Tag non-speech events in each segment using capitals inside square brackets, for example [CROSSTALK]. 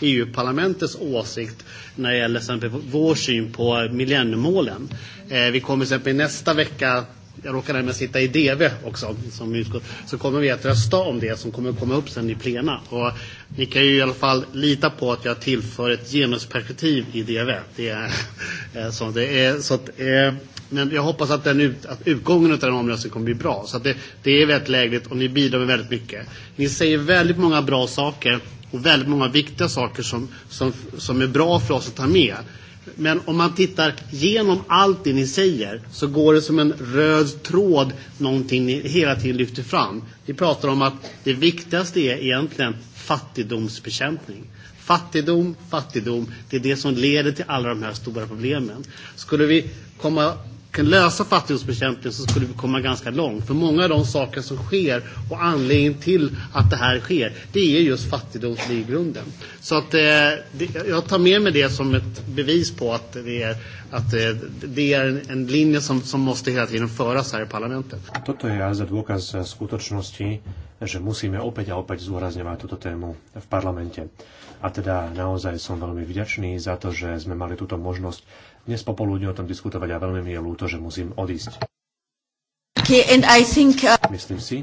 EU-parlamentets åsikt när det gäller exempel vår syn på millenniemålen. Eh, vi kommer till exempel nästa vecka jag råkar nämligen sitta i DV också, som utskott, så kommer vi att rösta om det som kommer att komma upp sen i plena. Och ni kan ju i alla fall lita på att jag tillför ett genusperspektiv i DV. Det är, [LAUGHS] eh, så det är, så att, eh, men jag hoppas att, den ut, att utgången av den omröstningen kommer bli bra. Så att det, det är väldigt lägligt och ni bidrar med väldigt mycket. Ni säger väldigt många bra saker och väldigt många viktiga saker som, som, som är bra för oss att ta med. Men om man tittar genom allt det ni säger så går det som en röd tråd någonting ni hela tiden lyfter fram. Vi pratar om att det viktigaste är egentligen fattigdomsbekämpning. Fattigdom, fattigdom, det är det som leder till alla de här stora problemen. Skulle vi komma kan lösa fattigdomsbekämpningen så skulle vi komma ganska långt. För många av de saker som sker och anledningen till att det här sker, det är just fattigdomsligrunden. Så att, eh, det, jag tar med mig det som ett bevis på att det är, att, eh, det är en, en linje som, som måste hela tiden föras här i parlamentet. Toto je azad dôkaz eh, skutočnosti, že musíme opäť a opäť zúrazňovať túto tému v parlamente. A teda naozaj som veľmi vďačný za to, že sme mali túto možnosť dnes popoludne o tom diskutovať a veľmi mi je ľúto, že musím odísť. Okay, think, uh... Myslím si,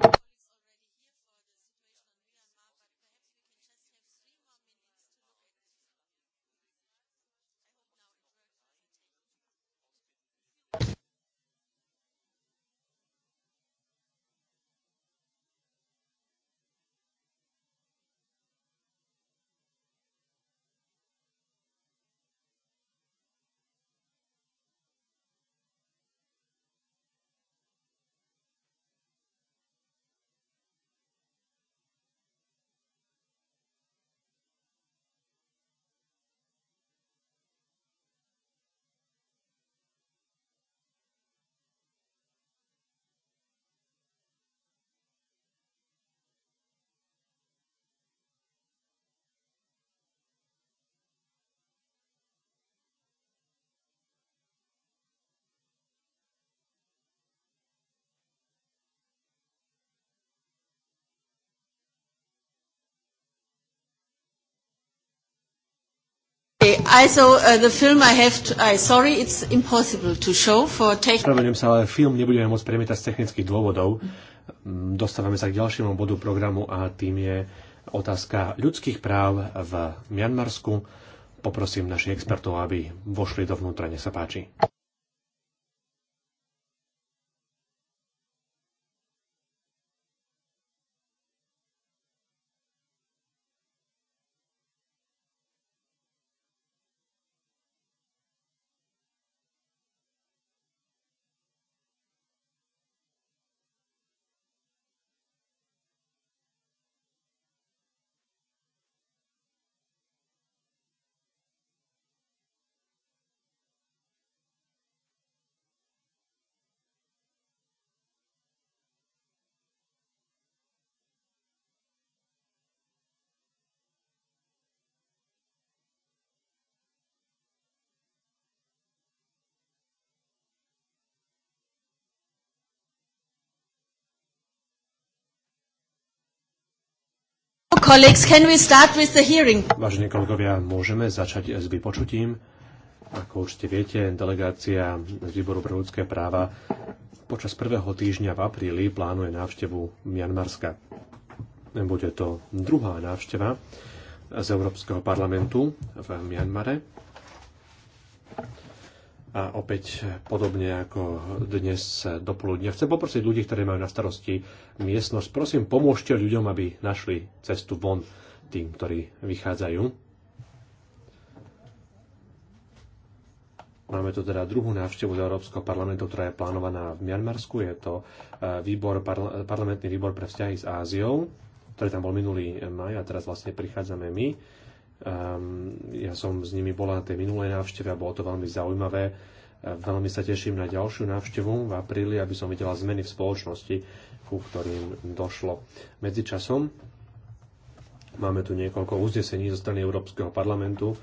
Okay, also uh, the film I have to, sorry, it's impossible to show for technical... sa, ale film nebudeme môcť premietať z technických dôvodov. Mm, dostávame sa k ďalšiemu bodu programu a tým je otázka ľudských práv v Mianmarsku. Poprosím našich expertov, aby vošli dovnútra, nech sa páči. colleagues, can we start with the hearing? Vážení kolegovia, môžeme začať s vypočutím. Ako určite viete, delegácia z Výboru pre ľudské práva počas prvého týždňa v apríli plánuje návštevu Mianmarska. Bude to druhá návšteva z Európskeho parlamentu v Mianmare a opäť podobne ako dnes dopoludne. Chcem poprosiť ľudí, ktorí majú na starosti miestnosť, prosím, pomôžte ľuďom, aby našli cestu von tým, ktorí vychádzajú. Máme tu teda druhú návštevu do Európskeho parlamentu, ktorá je plánovaná v Mianmarsku. Je to e, výbor, parlamentný výbor pre vzťahy s Áziou, ktorý tam bol minulý maj a teraz vlastne prichádzame my Ehm, ja som s nimi bola na tej minulej návšteve a bolo to veľmi zaujímavé. Ehm, veľmi sa teším na ďalšiu návštevu v apríli, aby som videla zmeny v spoločnosti, ku ktorým došlo. Medzičasom máme tu niekoľko uznesení zo strany Európskeho parlamentu ehm,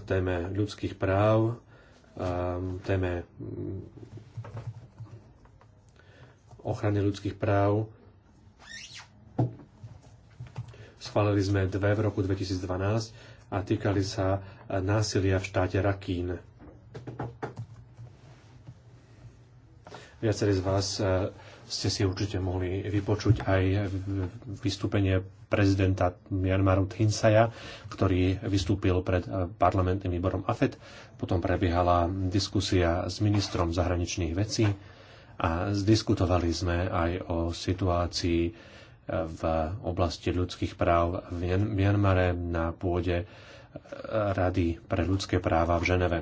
k téme ľudských práv, téme mm, ochrany ľudských práv Schválili sme dve v roku 2012 a týkali sa eh, násilia v štáte Rakín. Viacerí z vás eh, ste si určite mohli vypočuť aj vystúpenie prezidenta Myanmaru Thinsaya, ktorý vystúpil pred eh, parlamentným výborom AFET. Potom prebiehala diskusia s ministrom zahraničných vecí a zdiskutovali sme aj o situácii v oblasti ľudských práv v Mianmare na pôde e, Rady pre ľudské práva v Ženeve.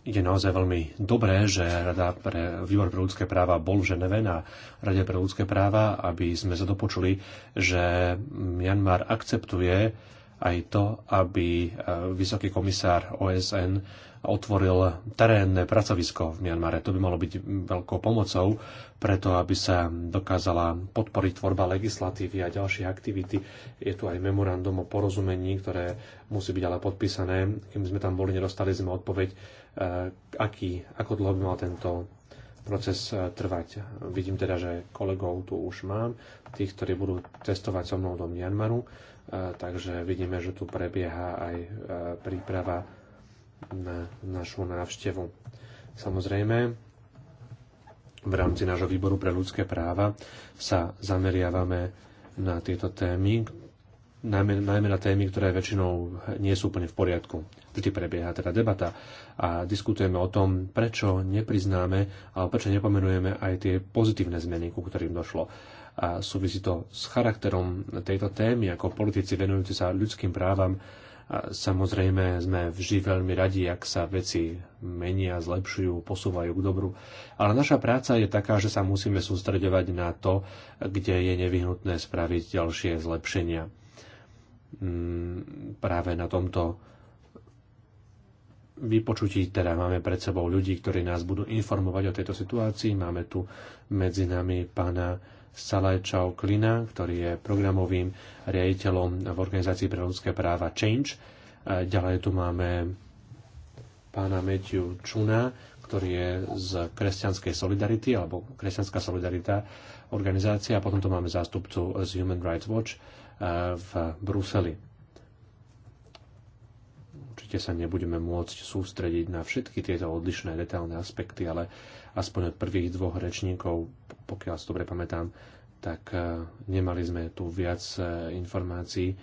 Je naozaj veľmi dobré, že Rada pre, Výbor pre ľudské práva bol v Ženeve na Rade pre ľudské práva, aby sme sa dopočuli, že Mianmar akceptuje aj to, aby e, vysoký komisár OSN otvoril terénne pracovisko v Mianmare. To by malo byť veľkou pomocou preto, aby sa dokázala podporiť tvorba legislatívy a ďalších aktivity. Je tu aj memorandum o porozumení, ktoré musí byť ale podpísané. Kým sme tam boli, nedostali sme odpoveď, eh, aký, ako dlho by mal tento proces eh, trvať. Vidím teda, že kolegov tu už mám, tých, ktorí budú cestovať so mnou do Mianmaru, eh, takže vidíme, že tu prebieha aj príprava na našu návštevu. Samozrejme, v rámci nášho výboru pre ľudské práva sa zameriavame na tieto témy, najmä, najmä na témy, ktoré väčšinou nie sú úplne v poriadku. Vždy prebieha teda debata a diskutujeme o tom, prečo nepriznáme alebo prečo nepomenujeme aj tie pozitívne zmeny, ku ktorým došlo. A súvisí to s charakterom tejto témy, ako politici venujúci sa ľudským právam, Samozrejme sme vždy veľmi radi, ak sa veci menia, zlepšujú, posúvajú k dobru. Ale naša práca je taká, že sa musíme sústredovať na to, kde je nevyhnutné spraviť ďalšie zlepšenia. Mm, práve na tomto vypočutí teda máme pred sebou ľudí, ktorí nás budú informovať o tejto situácii. Máme tu medzi nami pána Salajčau Klina, ktorý je programovým riaditeľom v Organizácii pre ľudské práva Change. Ďalej tu máme pána Matthew Čuna, ktorý je z Kresťanskej solidarity, alebo Kresťanská solidarita organizácia. A potom tu máme zástupcu z Human Rights Watch eh, v Bruseli. Určite sa nebudeme môcť sústrediť na všetky tieto odlišné detailné aspekty, ale aspoň od prvých dvoch rečníkov, pokiaľ si dobre pamätám, tak e, nemali sme tu viac e, informácií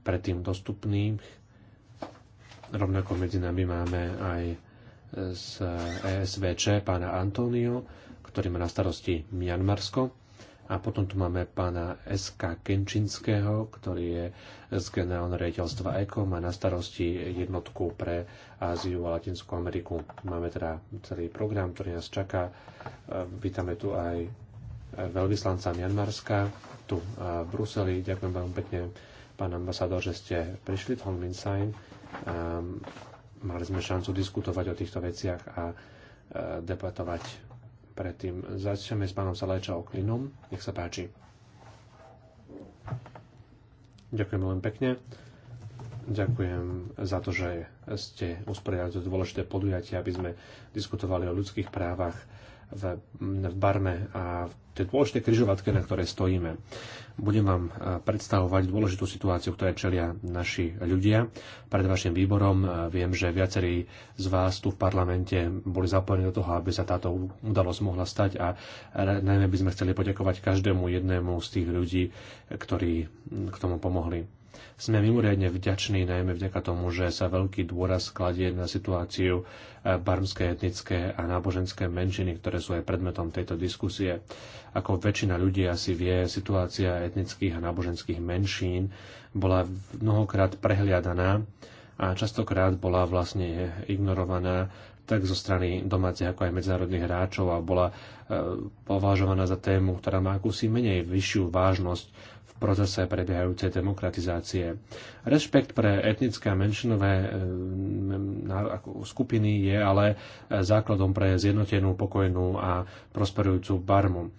predtým dostupných. Rovnako medzi nami máme aj e, z ESVČ pána Antonio, ktorý má na starosti Mianmarsko. A potom tu máme pána SK Kenčinského, ktorý je z generálneho rejiteľstva ECO, má na starosti jednotku pre Áziu a Latinskú Ameriku. Máme teda celý program, ktorý nás čaká. E, vítame tu aj veľvyslanca Mianmarska tu e, v Bruseli. Ďakujem veľmi pekne, pán ambasador, že ste prišli v Sign. E, mali sme šancu diskutovať o týchto veciach a debatovať predtým začneme s pánom Salajča Oklinom. Nech sa páči. Ďakujem veľmi pekne. Ďakujem za to, že ste usporiadali to dôležité podujatie, aby sme diskutovali o ľudských právach v, v Barme a v tej dôležitej križovatke, na ktorej stojíme. Budem vám e, predstavovať dôležitú situáciu, ktoré čelia naši ľudia. Pred vašim výborom e, viem, že viacerí z vás tu v parlamente boli zapojení do toho, aby sa táto udalosť mohla stať a najmä by sme chceli poďakovať každému jednému z tých ľudí, ktorí k tomu pomohli. Sme mimoriadne vďační najmä vďaka tomu, že sa veľký dôraz kladie na situáciu e, barmské etnické a náboženské menšiny, ktoré sú aj predmetom tejto diskusie. Ako väčšina ľudí asi vie, situácia etnických a náboženských menšín bola mnohokrát prehliadaná a častokrát bola vlastne ignorovaná tak zo strany domácich ako aj medzinárodných hráčov a bola e, považovaná za tému, ktorá má akúsi menej vyššiu vážnosť procese prebiehajúcej demokratizácie. Rešpekt pre etnické a menšinové e, skupiny je ale e, základom pre zjednotenú, pokojnú a prosperujúcu Barmu. E,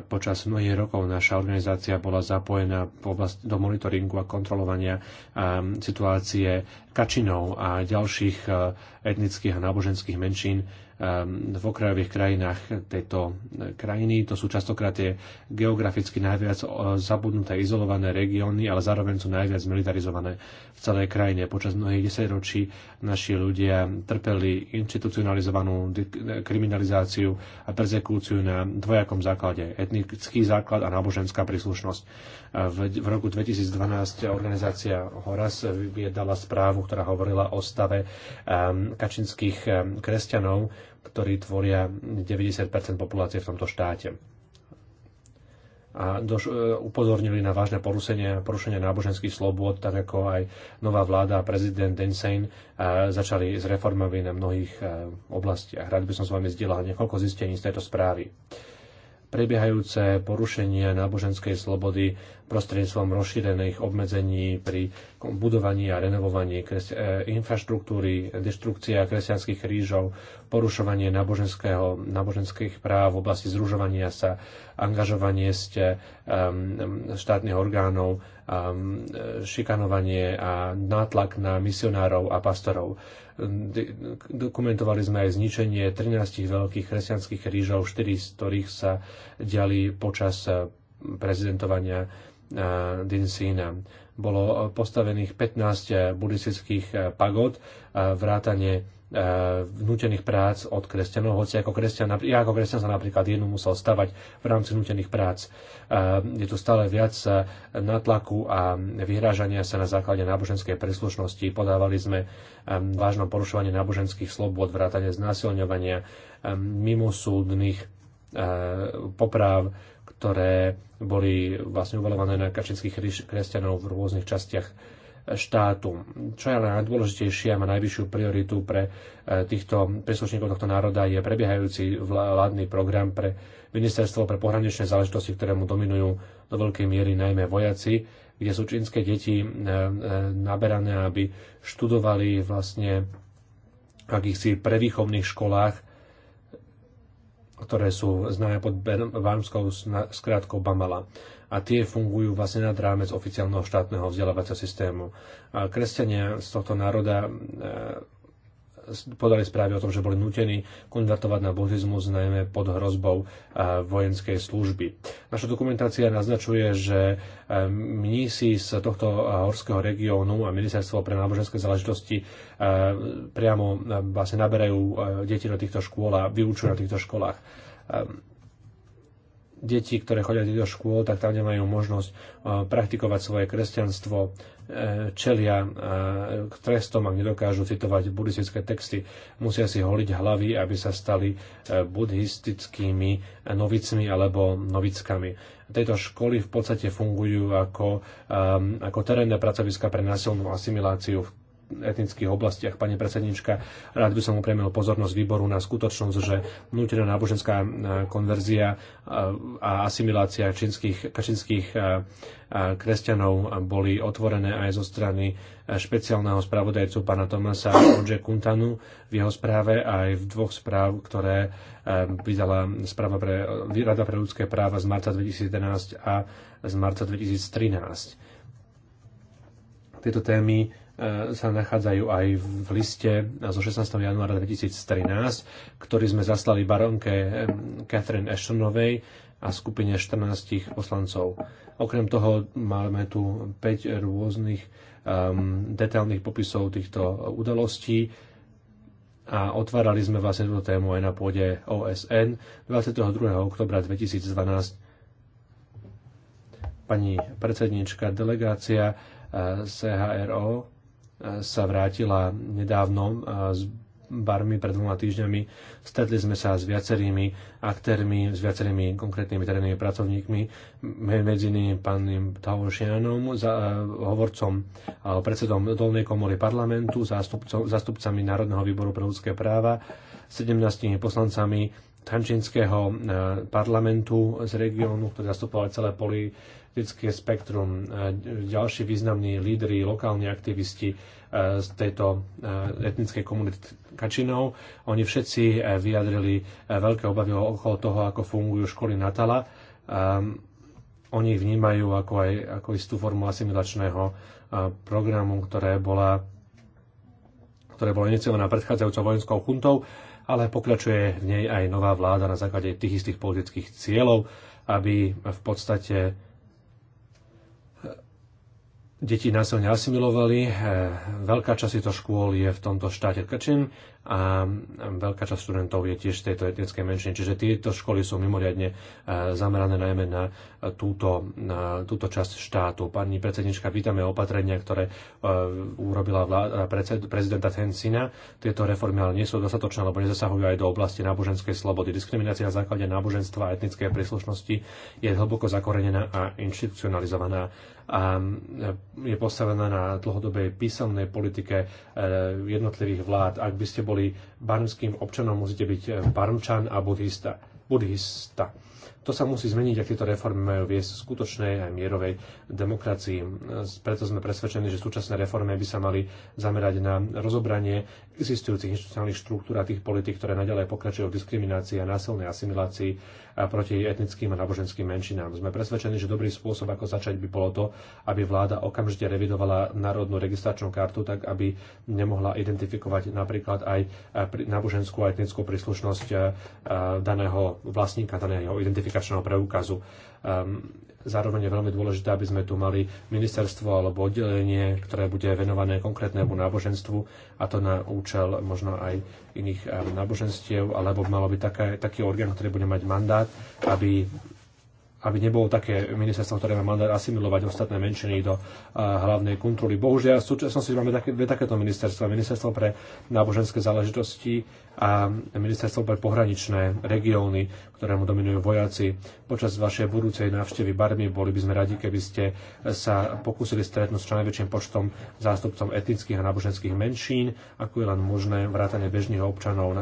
počas mnohých rokov naša organizácia bola zapojená do monitoringu a kontrolovania situácie kačinov a ďalších etnických a náboženských menšín Um, v okrajových krajinách tejto e, krajiny. To sú častokrát tie geograficky najviac zabudnuté, izolované regióny, ale zároveň sú najviac militarizované v celej krajine. Počas mnohých desaťročí naši ľudia trpeli institucionalizovanú kriminalizáciu a persekúciu na dvojakom základe. Etnický základ a náboženská príslušnosť. V, roku 2012 organizácia Horas vyjednala správu, ktorá hovorila o stave um, kačinských um, kresťanov ktorí tvoria 90 populácie v tomto štáte a doš- e, upozornili na vážne porušenie, porušenia náboženských slobôd, tak ako aj nová vláda a prezident Insane začali s reformami na mnohých e, oblastiach. Rád by som s vami zdieľal niekoľko zistení z tejto správy prebiehajúce porušenie náboženskej slobody prostredníctvom rozšírených obmedzení pri budovaní a renovovaní e, infraštruktúry, deštrukcia kresťanských krížov, porušovanie náboženského, náboženských práv v oblasti zružovania sa, angažovanie ste um, štátnych orgánov, um, šikanovanie a nátlak na misionárov a pastorov Dokumentovali sme aj zničenie 13 veľkých kresťanských krížov, 4 z ktorých sa diali počas eh, prezidentovania eh, Dinsína. Bolo postavených 15 eh, buddhistických pagod, vrátanie E, vnútených prác od kresťanov, hoci ako kresťan, ja ako kresťan sa napríklad jednu musel stavať v rámci nútených prác. E, je tu stále viac e, natlaku a vyhrážania sa na základe náboženskej príslušnosti. Podávali sme vážne porušovanie náboženských slobod, vrátanie znásilňovania mimosúdnych popráv, ktoré boli vlastne uvalované na kačinských kresťanov v rôznych častiach štátu. Čo je ale najdôležitejšie a má najvyššiu prioritu pre e, týchto príslušníkov tohto národa je prebiehajúci vládny program pre ministerstvo pre pohraničné záležitosti, ktorému dominujú do veľkej miery najmä vojaci, kde sú čínske deti e, e, naberané, aby študovali vlastne v akýchsi prevýchovných školách ktoré sú známe pod vámskou skrátkou Bamala. A tie fungujú vlastne nad rámec oficiálneho štátneho vzdelávacieho systému. kresťania z tohto národa e, podali správy o tom, že boli nutení konvertovať na buddhizmus najmä pod hrozbou e, vojenskej služby. Naša dokumentácia naznačuje, že e, mnísi z tohto e, horského regiónu a ministerstvo pre náboženské záležitosti priamo vlastne naberajú deti do týchto škôl a vyučujú na týchto školách deti, ktoré chodia do škôl, tak tam nemajú možnosť praktikovať svoje kresťanstvo čelia e, k trestom, ak nedokážu citovať buddhistické texty. Musia si holiť hlavy, aby sa stali e, buddhistickými novicmi alebo novickami. Tejto školy v podstate fungujú ako, e, ako terénne pracoviska pre násilnú asimiláciu v etnických oblastiach. Pani predsednička, rád by som upriamil pozornosť výboru na skutočnosť, že vnútená náboženská e, konverzia e, a asimilácia čínskych, kačínskych e, kresťanov boli otvorené aj zo strany špeciálneho spravodajcu pána Tomasa Oje Kuntanu v jeho správe aj v dvoch správ, ktoré vydala správa pre, Rada pre ľudské práva z marca 2011 a z marca 2013. Tieto témy E, sa nachádzajú aj v liste zo 16. januára 2013, ktorý sme zaslali baronke e, Catherine Ashtonovej a skupine 14 poslancov. Okrem toho máme tu 5 rôznych um, detailných popisov týchto udalostí a otvárali sme vlastne túto tému aj na pôde OSN 22. oktobra 2012. Pani predsednička delegácia e, CHRO sa vrátila nedávno z barmi pred dvoma týždňami. Stretli sme sa s viacerými aktérmi, s viacerými konkrétnymi terénnymi pracovníkmi, medzi nimi pánom Taošianom, hovorcom alebo predsedom Dolnej komory parlamentu, zástupcami Národného výboru pre ľudské práva, 17 poslancami Tančinského e, parlamentu z regiónu, ktorý zastupoval celé poli, politické spektrum, ďalší významní lídry, lokálni aktivisti e, z tejto e, etnickej komunity Kačinov. Oni všetci e, vyjadrili veľké obavy okolo toho, ako fungujú školy Natala. Oni ich vnímajú ako, aj, ako istú formu asimilačného programu, ktoré bola ktoré bolo necielená predchádzajúcou vojenskou chuntou, ale pokračuje v nej aj nová vláda na základe tých istých politických cieľov, aby v podstate deti násilne asimilovali. E, veľká časť týchto škôl je v tomto štáte Krčin a veľká časť študentov je tiež z tejto etnickej menšiny. Čiže tieto školy sú mimoriadne e, zamerané najmä na túto, na túto časť štátu. Pani predsednička, vítame opatrenia, ktoré e, urobila vláda, prezidenta Tencina. Tieto reformy ale nie sú dostatočné, lebo nezasahujú aj do oblasti náboženskej slobody. Diskriminácia na základe náboženstva a etnickej príslušnosti je hlboko zakorenená a inštitucionalizovaná a je postavená na dlhodobej písomnej politike e, jednotlivých vlád. Ak by ste boli barmským občanom, musíte byť e, barmčan a buddhista. buddhista. To sa musí zmeniť, ak tieto reformy majú viesť skutočnej aj mierovej demokracii. Preto sme presvedčení, že súčasné reformy by sa mali zamerať na rozobranie existujúcich inštitucionálnych štruktúr a tých politik, ktoré naďalej pokračujú v diskriminácii a násilnej asimilácii a proti etnickým a náboženským menšinám. Sme presvedčení, že dobrý spôsob, ako začať by bolo to, aby vláda okamžite revidovala národnú registračnú kartu, tak aby nemohla identifikovať napríklad aj náboženskú a etnickú príslušnosť daného vlastníka, daného identifikačného preukazu ehm, Zároveň je veľmi dôležité, aby sme tu mali ministerstvo alebo oddelenie, ktoré bude venované konkrétnemu náboženstvu a to na účel možno aj iných eh, náboženstiev, alebo malo by také, taký orgán, ktorý bude mať mandát, aby aby nebolo také ministerstvo, ktoré má mandát asimilovať ostatné menšiny do eh, hlavnej kontroly. Bohužiaľ, v súčasnosti máme také, dve takéto ministerstva. Ministerstvo pre náboženské záležitosti a ministerstvo pre pohraničné regióny, ktorému dominujú vojaci. Počas vašej budúcej návštevy Barmy boli by sme radi, keby ste sa pokúsili stretnúť s čo najväčším počtom zástupcom etnických a náboženských menšín, ako je len možné vrátane bežných občanov,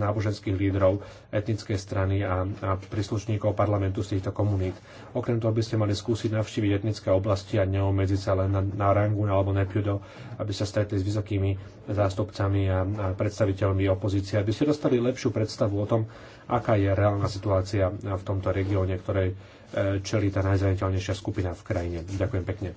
náboženských lídrov, etnické strany a, a príslušníkov parlamentu z týchto komunít. Okrem toho by ste mali skúsiť navštíviť etnické oblasti a neomedziť sa len na, na Rangun alebo Nepiudo, aby sa stretli s vysokými zástupcami a, a predstaviteľmi opozície aby ste dostali lepšiu predstavu o tom, aká je reálna situácia v tomto regióne, ktorej eh, čelí tá najzraniteľnejšia skupina v krajine. Ďakujem pekne.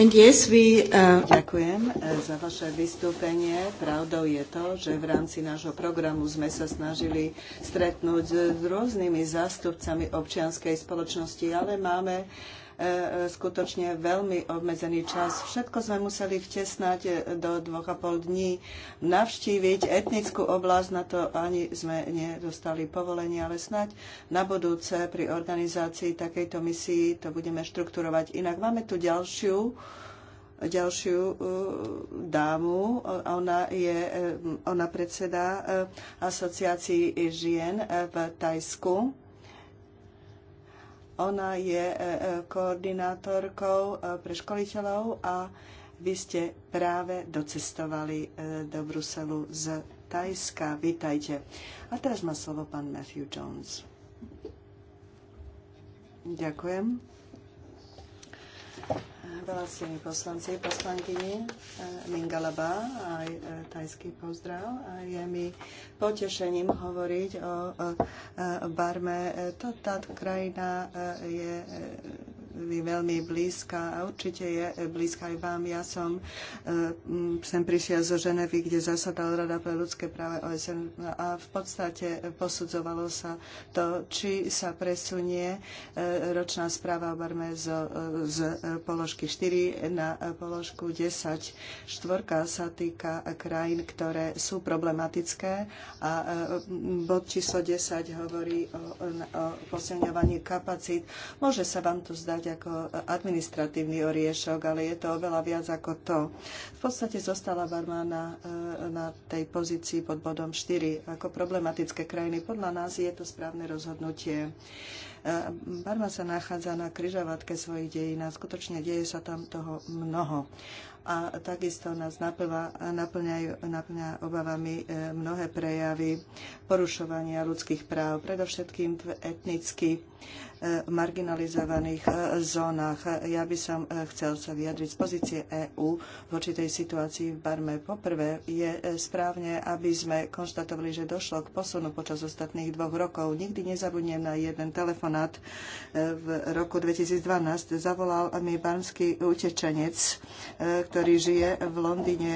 Yes, we, uh... Ďakujem eh, za vaše vystúpenie. Pravdou je to, že v rámci nášho programu sme sa snažili stretnúť s rôznymi zástupcami občianskej spoločnosti, ale máme E, skutočne veľmi obmedzený čas. Všetko sme museli vtesnať e, do dvoch a pol dní, navštíviť etnickú oblasť, na to ani sme nedostali povolenie, ale snať na budúce pri organizácii takejto misii to budeme štrukturovať. Inak máme tu ďalšiu ďalšiu e, dámu. Ona, je, ona predseda asociácií žien v Tajsku. Ona je e, e, koordinátorkou e, pre školiteľov a vy ste práve docestovali do Bruselu z Tajska. Vítajte. A teraz má slovo pán Matthew Jones. Ďakujem. Valastní poslanci, poslankyni eh, Mingalaba, aj eh, tajský pozdrav. A je mi potešením hovoriť o, o eh, Barme. tá krajina je mi veľmi blízka a určite je e, blízka aj vám. Ja som e, sem prišiel zo Ženevy, kde zasadala Rada pre ľudské práve OSN a v podstate posudzovalo sa to, či sa presunie e, ročná správa o Barme z, z položky 4 na položku 10. Štvorka sa týka krajín, ktoré sú problematické a bod číslo 10 hovorí o, o posilňovaní kapacít. Môže sa vám to zdať brať ako administratívny oriešok, ale je to oveľa viac ako to. V podstate zostala Barma na, e, na tej pozícii pod bodom 4 ako problematické krajiny. Podľa nás je to správne rozhodnutie. E, Barma sa nachádza na kryžovatke svojich dejín a skutočne deje sa tam toho mnoho. A takisto nás naplňa, naplňajú, naplňa obavami e, mnohé prejavy porušovania ľudských práv, predovšetkým etnicky Eh, marginalizovaných eh, zónach. Ja by som eh, chcel sa vyjadriť z pozície EÚ v určitej situácii v Barme. Poprvé je správne, aby sme konštatovali, že došlo k posunu počas ostatných dvoch rokov. Nikdy nezabudnem na jeden telefonát v roku 2012. Zavolal mi barmský utečenec, ktorý žije v Londýne.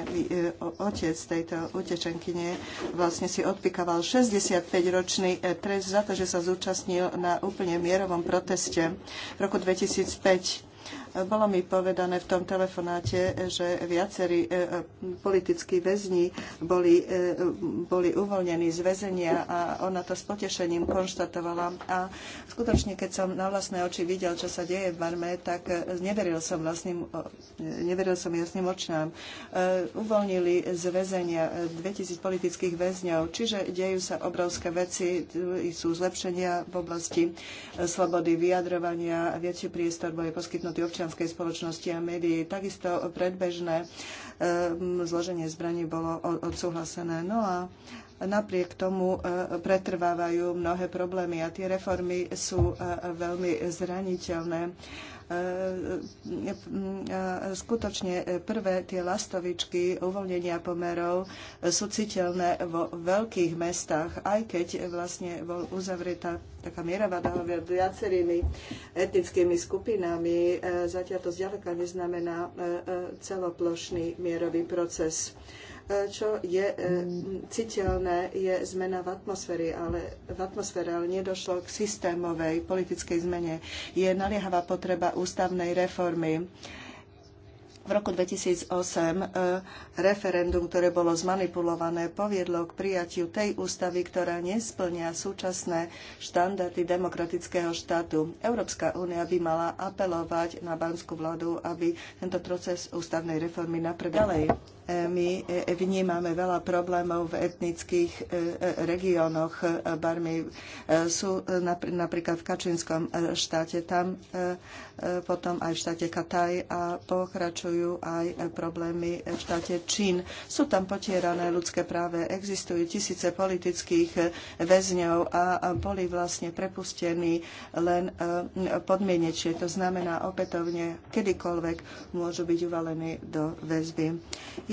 Otec tejto utečenkyne vlastne si odpikával 65-ročný trest za to, že sa zúčastnil na úplne mierovom proteste v roku 2005 bolo mi povedané v tom telefonáte, že viacerí e, politickí väzni boli, e, boli uvoľnení z väzenia a ona to s potešením konštatovala. A skutočne, keď som na vlastné oči videl, čo sa deje v Barme, tak e, neveril som vlastným, neveril som jasným očnám. Uvoľnili z väzenia 2000 politických väzňov, čiže dejú sa obrovské veci, sú zlepšenia v oblasti slobody vyjadrovania, väčší priestor bol poskytnutý občanom občianskej spoločnosti a médií. Takisto predbežné ehm, zloženie zbraní bolo odsúhlasené. No a napriek tomu e, pretrvávajú mnohé problémy a tie reformy sú e, veľmi zraniteľné E, e, e, skutočne prvé tie lastovičky uvoľnenia pomerov sú citeľné vo veľkých mestách, aj keď vlastne bol uzavretá taká mierová dohoda viacerými etnickými skupinami. Zatiaľ to zďaleka neznamená celoplošný mierový proces. E, čo je e, citeľné, je zmena v atmosfére, ale v atmosfére ale nedošlo k systémovej politickej zmene. Je naliehavá potreba ústavnej reformy v roku 2008 e, referendum, ktoré bolo zmanipulované, poviedlo k prijatiu tej ústavy, ktorá nesplňa súčasné štandardy demokratického štátu. Európska únia by mala apelovať na banskú vládu, aby tento proces ústavnej reformy napredoval. E, my e, e, vnímame veľa problémov v etnických regiónoch Barmy. Sú napríklad v Kačinskom štáte, tam potom aj v štáte Kataj a pokračujú aj problémy v štáte Čín. Sú tam potierané ľudské práve, existujú tisíce politických väzňov a boli vlastne prepustení len podmienečie. To znamená opätovne, kedykoľvek môžu byť uvalení do väzby.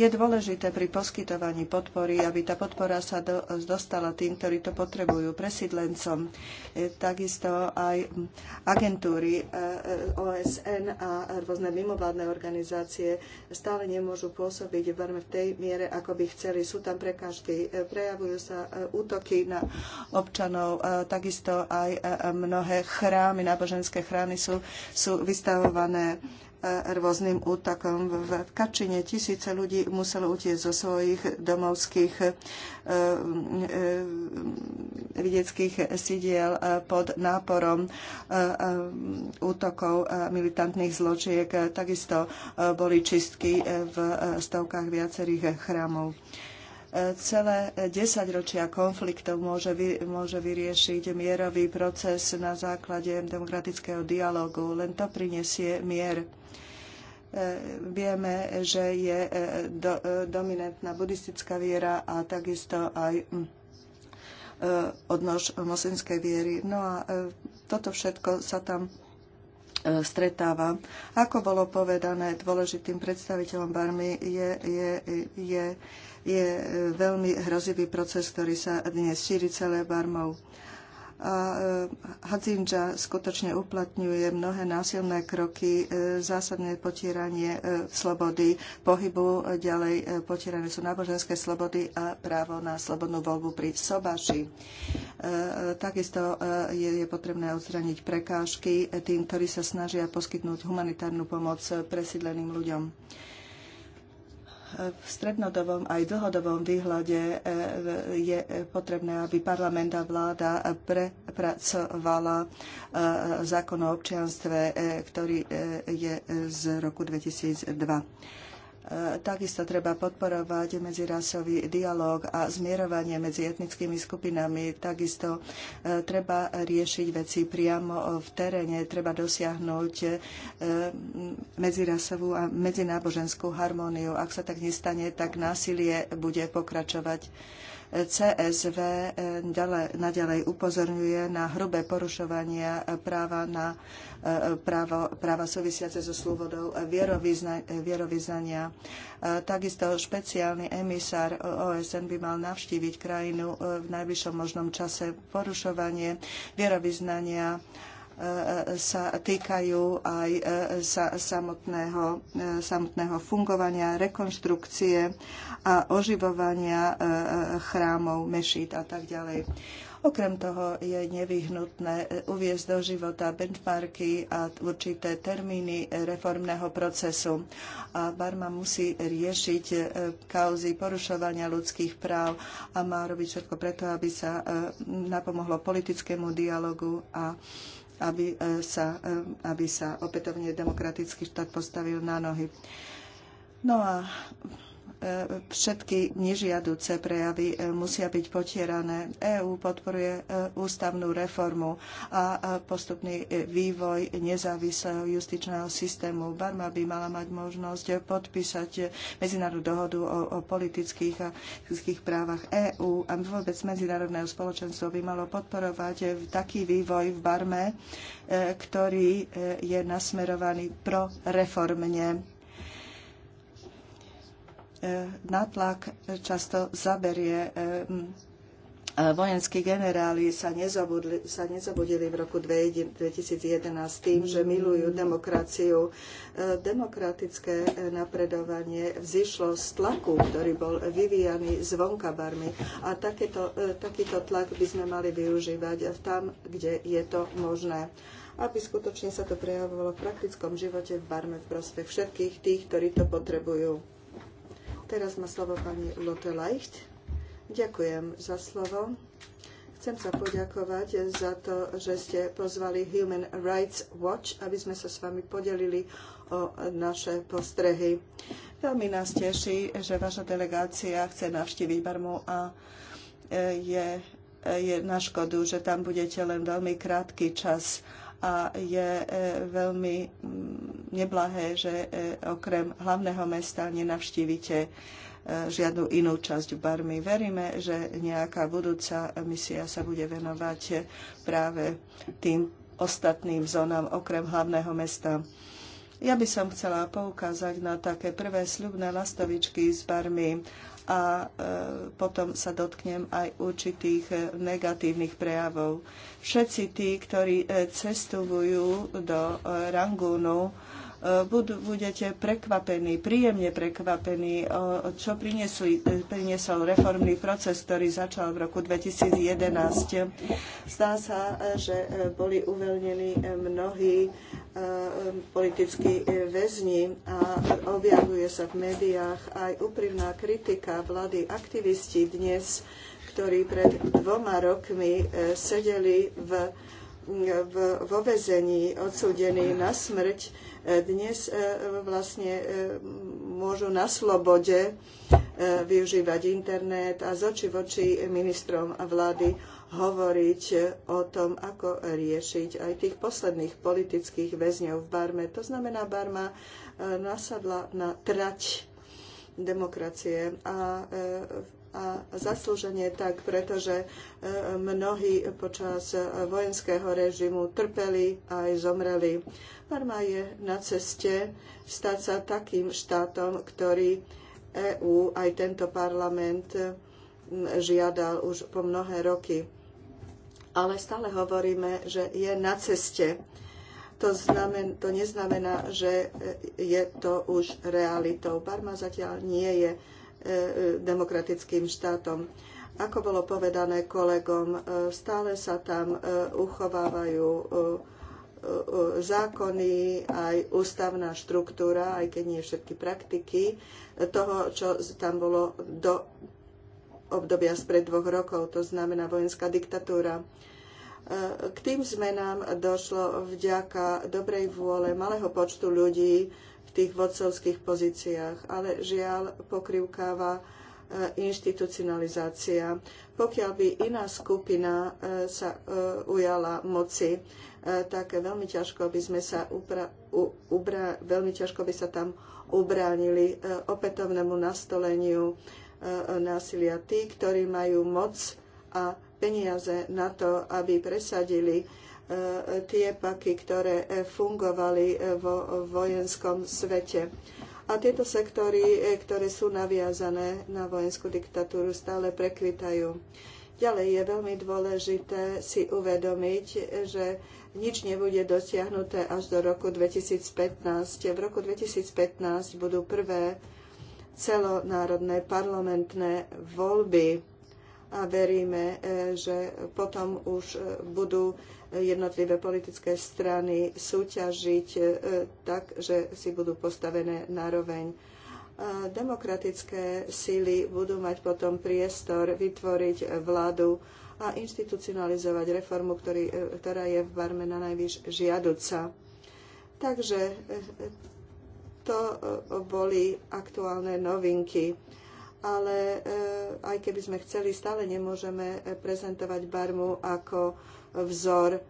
Je dôležité pri poskytovaní podpory, aby tá podpora sa do, dostala tým, ktorí to potrebujú, presídlencom. E, takisto aj agentúry e, e, OSN a rôzne mimovládne organizácie stále nemôžu pôsobiť v tej miere, ako by chceli. Sú tam prekážky, prejavujú sa útoky na občanov, takisto aj mnohé chrámy, náboženské chrámy sú, sú vystavované rôznym útokom. V Kačine tisíce ľudí muselo utiecť zo svojich domovských eh, eh, vidieckých sídiel eh, pod náporom útokov militantných zločiek. Takisto boli čistky v stovkách viacerých chrámov celé desaťročia konfliktov môže, vy, môže vyriešiť mierový proces na základe demokratického dialogu. Len to prinesie mier. E, vieme, že je e, do, e, dominantná buddhistická viera a takisto aj mm, odnož moslimskej viery. No a toto všetko sa tam stretáva. Ako bolo povedané dôležitým predstaviteľom Barmy, je, je, je je e, veľmi hrozivý proces, ktorý sa dnes šíri celé barmou. A e, Hadzinja skutočne uplatňuje mnohé násilné kroky, e, zásadné potieranie slobody pohybu, ďalej potierané sú náboženské slobody a právo na slobodnú voľbu pri sobaši. Takisto je, je potrebné odstraniť prekážky tým, ktorí sa snažia poskytnúť humanitárnu pomoc presídleným ľuďom v strednodobom aj dlhodobom výhľade e, je potrebné, aby parlament a vláda prepracovala e, zákon o občianstve, e, ktorý je z roku 2002 Takisto treba podporovať medzirasový dialog a zmierovanie medzi etnickými skupinami. Takisto e, treba riešiť veci priamo v teréne. Treba dosiahnuť e, medzirasovú a medzináboženskú harmóniu. Ak sa tak nestane, tak násilie bude pokračovať. CSV eh, naďalej upozorňuje na hrubé porušovania práva na eh, právo, práva súvisiace so slobodou vierovýznania. Eh, takisto špeciálny emisár OSN by mal navštíviť krajinu v najbližšom možnom čase. Porušovanie vierovýznania sa týkajú aj samotného, samotného fungovania, rekonštrukcie a oživovania e, e, chrámov, mešít a tak ďalej. Okrem toho je nevyhnutné e, uviezť do života benchmarky a určité termíny reformného procesu. A Barma musí riešiť kauzy porušovania ľudských práv a má robiť všetko preto, aby sa napomohlo politickému dialogu a aby sa, aby sa opätovne demokratický štát postavil na nohy. No a všetky nežiaduce prejavy e, musia byť potierané. EÚ podporuje e, ústavnú reformu a postupný e, vývoj nezávislého justičného systému. Barma by mala mať možnosť podpísať medzinárodnú dohodu o, o politických a ľudských právach EÚ a vôbec medzinárodného spoločenstvo by malo podporovať taký vývoj v Barme, ktorý je nasmerovaný pro reformne natlak často zaberie e, vojenskí generáli sa nezabudli, sa nezabudili v roku 2011 tým, že milujú demokraciu. E, demokratické e, napredovanie vzýšlo z tlaku, ktorý bol vyvíjaný zvonka barmy A takéto, takýto tlak by sme mali využívať tam, kde je to možné aby skutočne sa to prejavovalo v praktickom živote v barme v prospech všetkých tých, ktorí to potrebujú. Teraz má slovo pani Lotte Leicht. Ďakujem za slovo. Chcem sa poďakovať za to, že ste pozvali Human Rights Watch, aby sme sa s vami podelili o naše postrehy. Veľmi nás teší, že vaša delegácia chce navštíviť Barmu a e, je, e, je na škodu, že tam budete len veľmi krátky čas a je e, veľmi mm, neblahé, že e, okrem hlavného mesta nenavštívite e, žiadnu inú časť v Barmy. Veríme, že nejaká budúca misia sa bude venovať práve tým ostatným zónam okrem hlavného mesta. Ja by som chcela poukázať na také prvé sľubné lastovičky s barmi a e, potom sa dotknem aj určitých e, negatívnych prejavov. Všetci tí, ktorí e, cestujú do Rangúnu, budete prekvapení, príjemne prekvapení, čo priniesol reformný proces, ktorý začal v roku 2011. Zdá sa, že e, boli uveľnení e, mnohí e, politickí väzni a objavuje sa v médiách aj úprimná kritika vlády. Aktivisti dnes, ktorí pred dvoma rokmi sedeli v, v, vo vezení odsúdení na smrť, dnes e, vlastne e, môžu na slobode e, využívať internet a z oči voči ministrom vlády hovoriť o tom, ako riešiť aj tých posledných politických väzňov v Barme. To znamená, Barma nasadla na trať demokracie a a zaslúženie tak, pretože e, mnohí počas e, vojenského režimu trpeli a aj zomreli. Parma je na ceste stať sa takým štátom, ktorý EÚ aj tento parlament žiadal už po mnohé roky. Ale stále hovoríme, že je na ceste. To, znamen, to neznamená, že e, je to už realitou. Parma zatiaľ nie je E, e, demokratickým štátom. Ako bolo povedané kolegom, e, stále sa tam uchovávajú zákony, aj ústavná štruktúra, aj keď nie všetky praktiky toho, čo tam bolo do obdobia spred dvoch rokov, to znamená vojenská diktatúra. K tým zmenám došlo vďaka dobrej vôle malého počtu ľudí, v tých vodcovských pozíciách, ale žiaľ pokrivkáva e, inštitucionalizácia. Pokiaľ by iná skupina e, sa e, ujala moci, tak veľmi ťažko by sme sa, upra, u, ubra, veľmi ťažko by sa tam ubránili opätovnému nastoleniu násilia. Tí, ktorí majú moc a peniaze na to, aby presadili E, tie paky, ktoré e, fungovali e, vo vojenskom svete. A tieto sektory, ktoré sú naviazané na vojenskú diktatúru, stále prekvitajú. Ďalej je veľmi dôležité si uvedomiť, že nič nebude dosiahnuté až do roku 2015. V roku 2015 budú prvé celonárodné parlamentné voľby a veríme, že potom už budú jednotlivé politické strany súťažiť e, tak, že si budú postavené nároveň. E, demokratické síly budú mať potom priestor vytvoriť vládu a institucionalizovať reformu, ktorý, e, ktorá je v Barme na najvyš žiaduca. Takže to boli aktuálne novinky ale aj keby sme chceli, stále nemôžeme prezentovať Barmu ako vzor eh,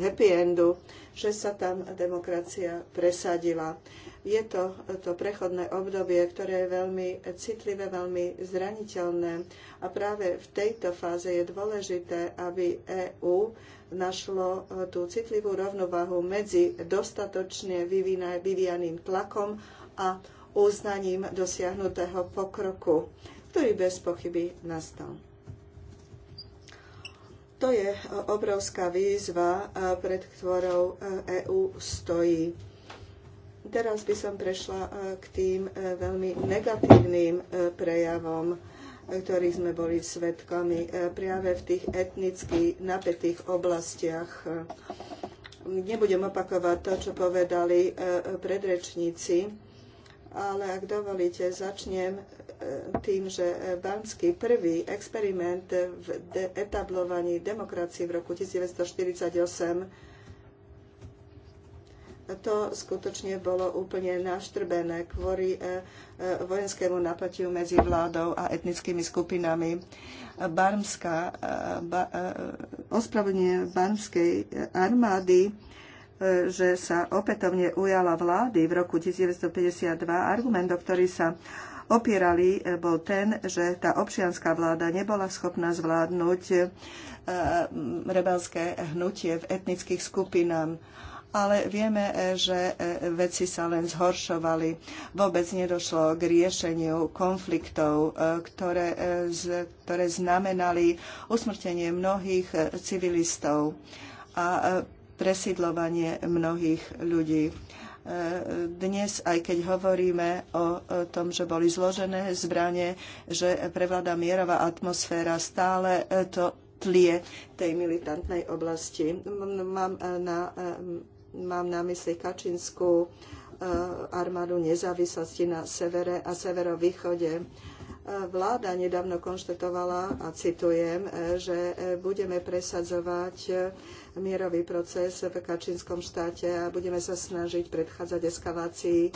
happy endu, že sa tam demokracia presadila. Je to to prechodné obdobie, ktoré je veľmi citlivé, veľmi zraniteľné a práve v tejto fáze je dôležité, aby EÚ našlo eh, tú citlivú rovnovahu medzi dostatočne vyvíjaným tlakom a uznaním dosiahnutého pokroku, ktorý bez pochyby nastal. To je e, obrovská výzva, e, pred ktorou EÚ e stojí. Teraz by som prešla k tým veľmi negatívnym prejavom, ktorých sme boli svetkami práve v tých etnicky napätých oblastiach. Nebudem opakovať to, čo povedali predrečníci, ale ak dovolíte, začnem tým, že Banský prvý experiment v de- etablovaní demokracie v roku 1948 to skutočne bolo úplne naštrbené kvôli e, e, vojenskému napätiu medzi vládou a etnickými skupinami. Barmská, e, ba, ospravedlnenie barmskej armády že sa opätovne ujala vlády v roku 1952. Argument, do ktorý sa opierali, e, bol ten, že tá občianská vláda nebola schopná zvládnuť e, rebelské hnutie v etnických skupinách ale vieme, e, že veci sa len zhoršovali. Vôbec nedošlo k riešeniu konfliktov, ktoré, ktoré znamenali usmrtenie mnohých civilistov a presídlovanie mnohých ľudí dnes, aj keď hovoríme o tom, že boli zložené zbranie, že prevláda mierová atmosféra, stále e, to tlie tej militantnej oblasti. Mám e, na, e, mám na mysli Kačinskú armádu nezávislosti na severe a severovýchode. Vláda nedávno konštatovala, a citujem, že budeme presadzovať mierový proces v Kačinskom štáte a budeme sa snažiť predchádzať eskalácii e,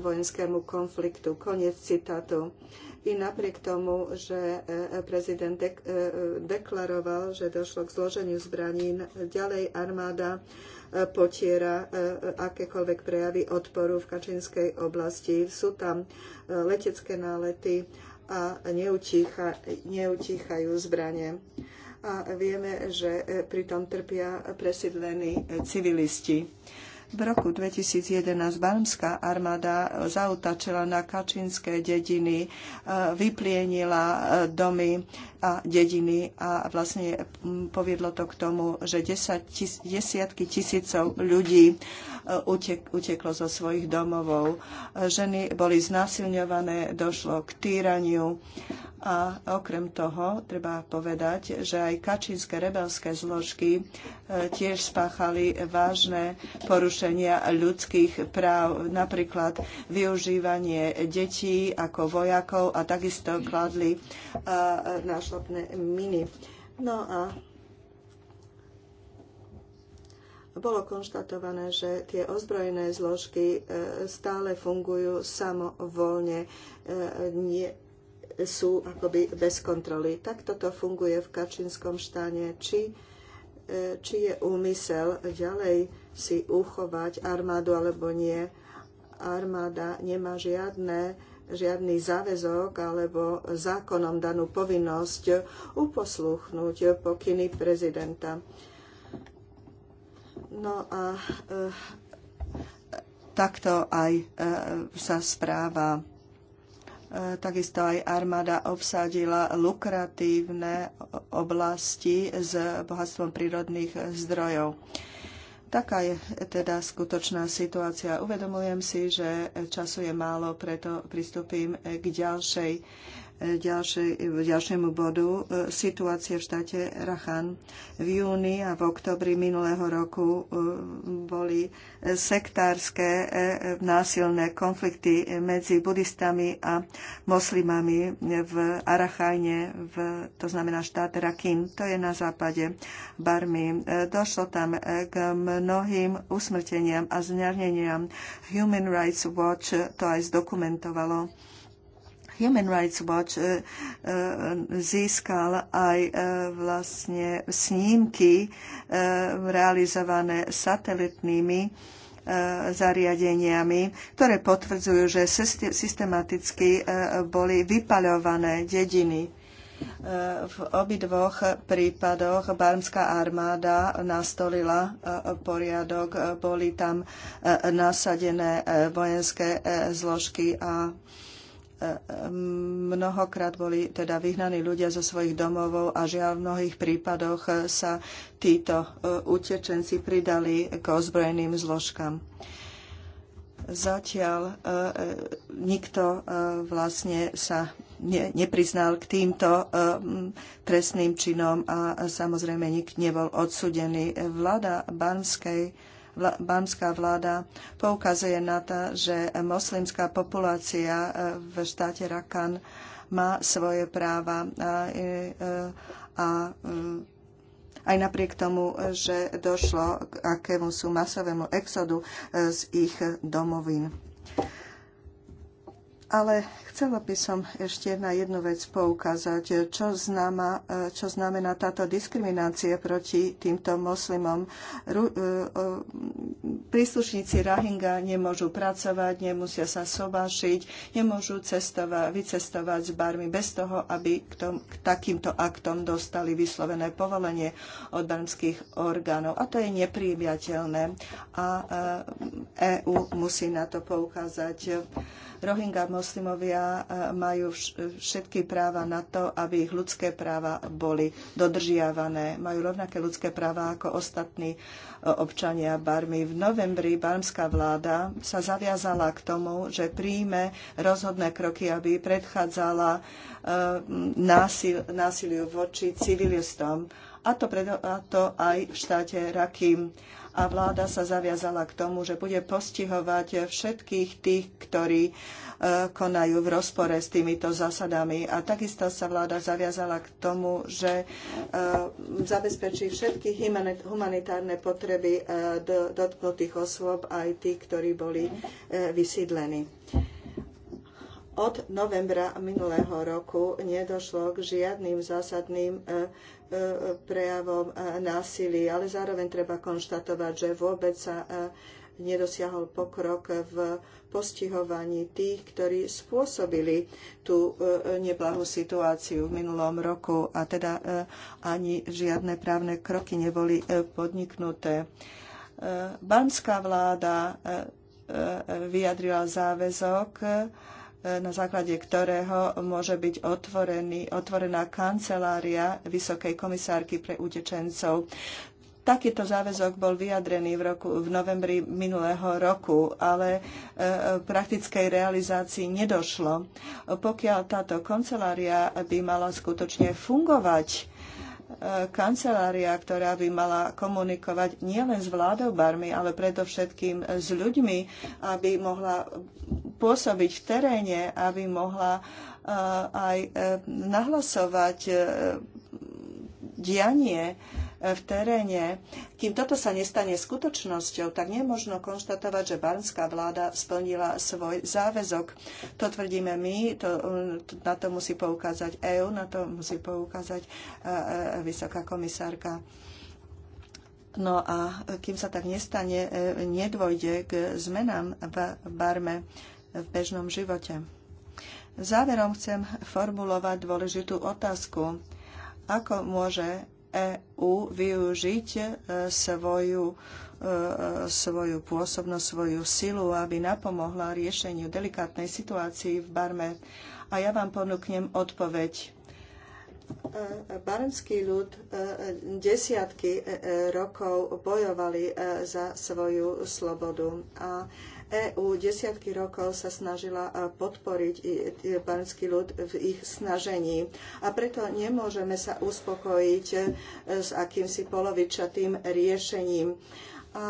vojenskému konfliktu. Koniec citátu. I napriek tomu, že e, prezident e, deklaroval, že došlo k zloženiu zbranín ďalej armáda potiera akékoľvek prejavy odporu v Kačínskej oblasti. Sú tam letecké nálety a neutícha, neutíchajú zbranie a vieme, že e, pritom trpia presídlení e, civilisti. V roku 2011 Balmská armáda zautačila na kačínske dediny, e, vyplienila domy a dediny a vlastne poviedlo to k tomu, že desiatky tisícov ľudí uteklo zo svojich domovov. Ženy boli znásilňované, došlo k týraniu. A okrem toho treba povedať, že aj kačínske rebelské zložky e, tiež spáchali vážne porušenia ľudských práv, napríklad využívanie detí ako vojakov a takisto kladli e, e, šlopné miny. No a bolo konštatované, že tie ozbrojené zložky e, stále fungujú samovolne, e, nie sú akoby bez kontroly. Tak toto funguje v Kačinskom štáne. Či, e, či je úmysel ďalej si uchovať armádu alebo nie. Armáda nemá žiadne žiadny záväzok alebo zákonom danú povinnosť uposluchnúť pokyny prezidenta. No a e, takto aj e, sa správa. E, takisto aj armáda obsadila lukratívne oblasti s bohatstvom prírodných zdrojov. Taká je teda skutočná situácia. Uvedomujem si, že času je málo, preto pristúpim k ďalšej ďalšiemu bodu e, situácie v štáte Rachan. V júni a v oktobri minulého roku e, boli sektárske e, násilné konflikty medzi budistami a moslimami v Arachajne, v, to znamená štát Rakin, to je na západe Barmy. Došlo tam k mnohým usmrteniam a zňarneniam. Human Rights Watch to aj zdokumentovalo Human Rights Watch e, e, získal aj e, vlastne snímky realizované satelitnými zariadeniami, ktoré potvrdzujú, že systematicky boli vypaľované dediny. V obidvoch prípadoch barmská armáda nastolila poriadok, boli tam nasadené vojenské zložky a mnohokrát boli teda vyhnaní ľudia zo svojich domovov a žiaľ v mnohých prípadoch sa títo e, utečenci pridali k ozbrojeným zložkám. Zatiaľ e, e, nikto vlastne sa nepriznal k týmto trestným činom a samozrejme nik nebol odsudený. Vláda Banskej vla, bámská vláda poukazuje na to, že moslimská populácia e, v štáte Rakan má svoje práva a, e, a, a e, aj napriek tomu, že došlo k akému sú masovému exodu z ich domovín. Ale Chcela by som ešte na jednu vec poukázať, čo, znamená, čo znamená táto diskriminácia proti týmto moslimom. E, príslušníci Rahinga nemôžu pracovať, nemusia sa sobášiť, nemôžu cestovať, vycestovať s barmi bez toho, aby k, tom, k takýmto aktom dostali vyslovené povolenie od barmských orgánov. A to je neprijateľné. A EÚ e musí na to poukázať. Rohingya moslimovia E, majú e, všetky práva na to, aby ich ľudské práva boli dodržiavané. Majú rovnaké ľudské práva ako ostatní e, občania Barmy. V novembri barmská vláda sa zaviazala k tomu, že príjme rozhodné kroky, aby predchádzala násil, násiliu voči civilistom. A to, a to aj v štáte Rakim a vláda sa zaviazala k tomu, že bude postihovať všetkých tých, ktorí e, konajú v rozpore s týmito zásadami. A takisto sa vláda zaviazala k tomu, že e, zabezpečí všetky humanitárne potreby e, dotknutých osôb, aj tých, ktorí boli vysídlení. Od novembra minulého roku nedošlo k žiadnym zásadným e, e, prejavom e, násilí, ale zároveň treba konštatovať, že vôbec sa nedosiahol pokrok v postihovaní tých, ktorí spôsobili tú neblahú situáciu v minulom roku a teda ani žiadne právne kroky neboli podniknuté. Banská vláda vyjadrila záväzok E, na základe ktorého môže byť otvorený, otvorená kancelária Vysokej komisárky pre utečencov. Takýto záväzok bol vyjadrený v, roku, v novembri minulého roku, ale v e, praktickej realizácii nedošlo. Pokiaľ táto kancelária by mala skutočne fungovať, kancelária, ktorá by mala komunikovať nielen s vládou Barmy, ale predovšetkým s ľuďmi, aby mohla pôsobiť v teréne, aby mohla e, aj e, nahlasovať e, dianie v teréne. Kým toto sa nestane skutočnosťou, tak nemožno konštatovať, že barnská vláda splnila svoj záväzok. To tvrdíme my, to, na to musí poukázať EÚ, na to musí poukázať e, e, vysoká komisárka. No a kým sa tak nestane, e, nedvojde k zmenám v barme v bežnom živote. Záverom chcem formulovať dôležitú otázku. Ako môže EU využiť e, svoju, e, svoju pôsobnosť, svoju silu, aby napomohla riešeniu delikátnej situácii v Barme. A ja vám ponúknem odpoveď. E, barmský ľud desiatky rokov bojovali za svoju slobodu a EÚ desiatky rokov sa snažila e, podporiť barmský ľud v ich snažení. A preto nemôžeme sa uspokojiť e, s akýmsi polovičatým riešením. A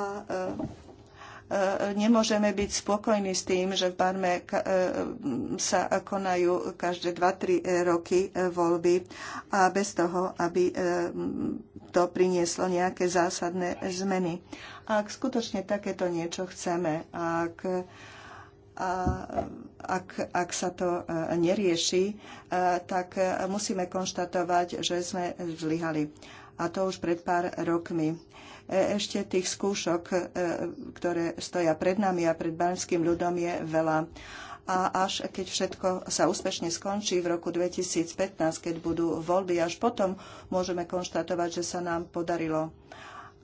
e, nemôžeme byť spokojní s tým, že v Barme sa konajú každé 2-3 roky voľby a bez toho, aby to prinieslo nejaké zásadné zmeny. Ak skutočne takéto niečo chceme, ak a ak, ak sa to e, nerieši, e, tak e, musíme konštatovať, že sme zlyhali. A to už pred pár rokmi. Ešte tých skúšok, ktoré stoja pred nami a pred barnským ľudom, je veľa. A až keď všetko sa úspešne skončí v roku 2015, keď budú voľby, až potom môžeme konštatovať, že sa nám podarilo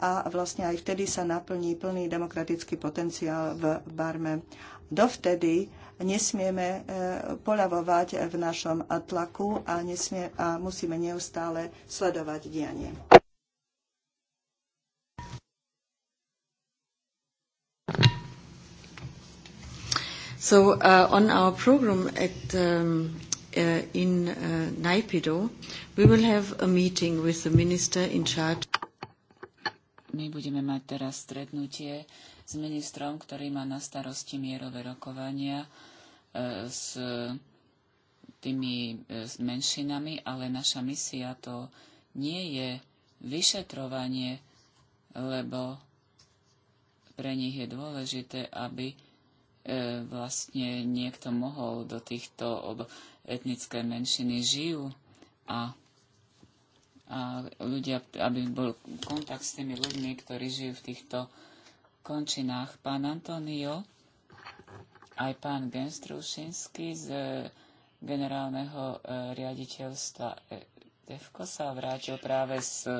a vlastne aj vtedy sa naplní plný demokratický potenciál v Barme. Dovtedy nesmieme e, poľavovať v našom tlaku a, nesmie, a musíme neustále sledovať dianie. So uh, on our program at um, uh, in uh, Naipido, we will have a meeting with the minister in charge. My budeme mať teraz stretnutie s ministrom, ktorý má na starosti mierové rokovania e, s tými e, menšinami, ale naša misia to nie je vyšetrovanie, lebo pre nich je dôležité, aby e, vlastne niekto mohol do týchto etnické menšiny žijú a a ľudia, aby bol kontakt s tými ľuďmi, ktorí žijú v týchto končinách. Pán Antonio, aj pán Genstrušinský z e, generálneho e, riaditeľstva e, DEFCO sa vrátil práve s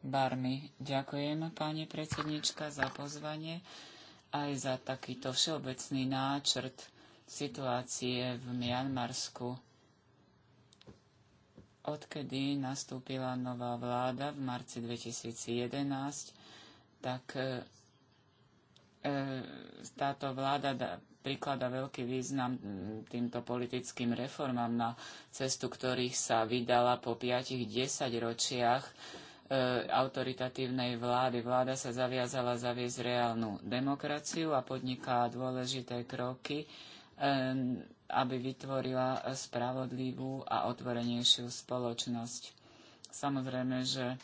barmi. Ďakujem, pani predsednička, za pozvanie aj za takýto všeobecný náčrt situácie v Mianmarsku Odkedy nastúpila nová vláda v marci 2011, tak e, e, táto vláda da, priklada veľký význam týmto politickým reformám na cestu, ktorých sa vydala po 5-10 ročiach e, autoritatívnej vlády. Vláda sa zaviazala zaviesť reálnu demokraciu a podniká dôležité kroky e, aby vytvorila spravodlivú a otvorenejšiu spoločnosť. Samozrejme, že e,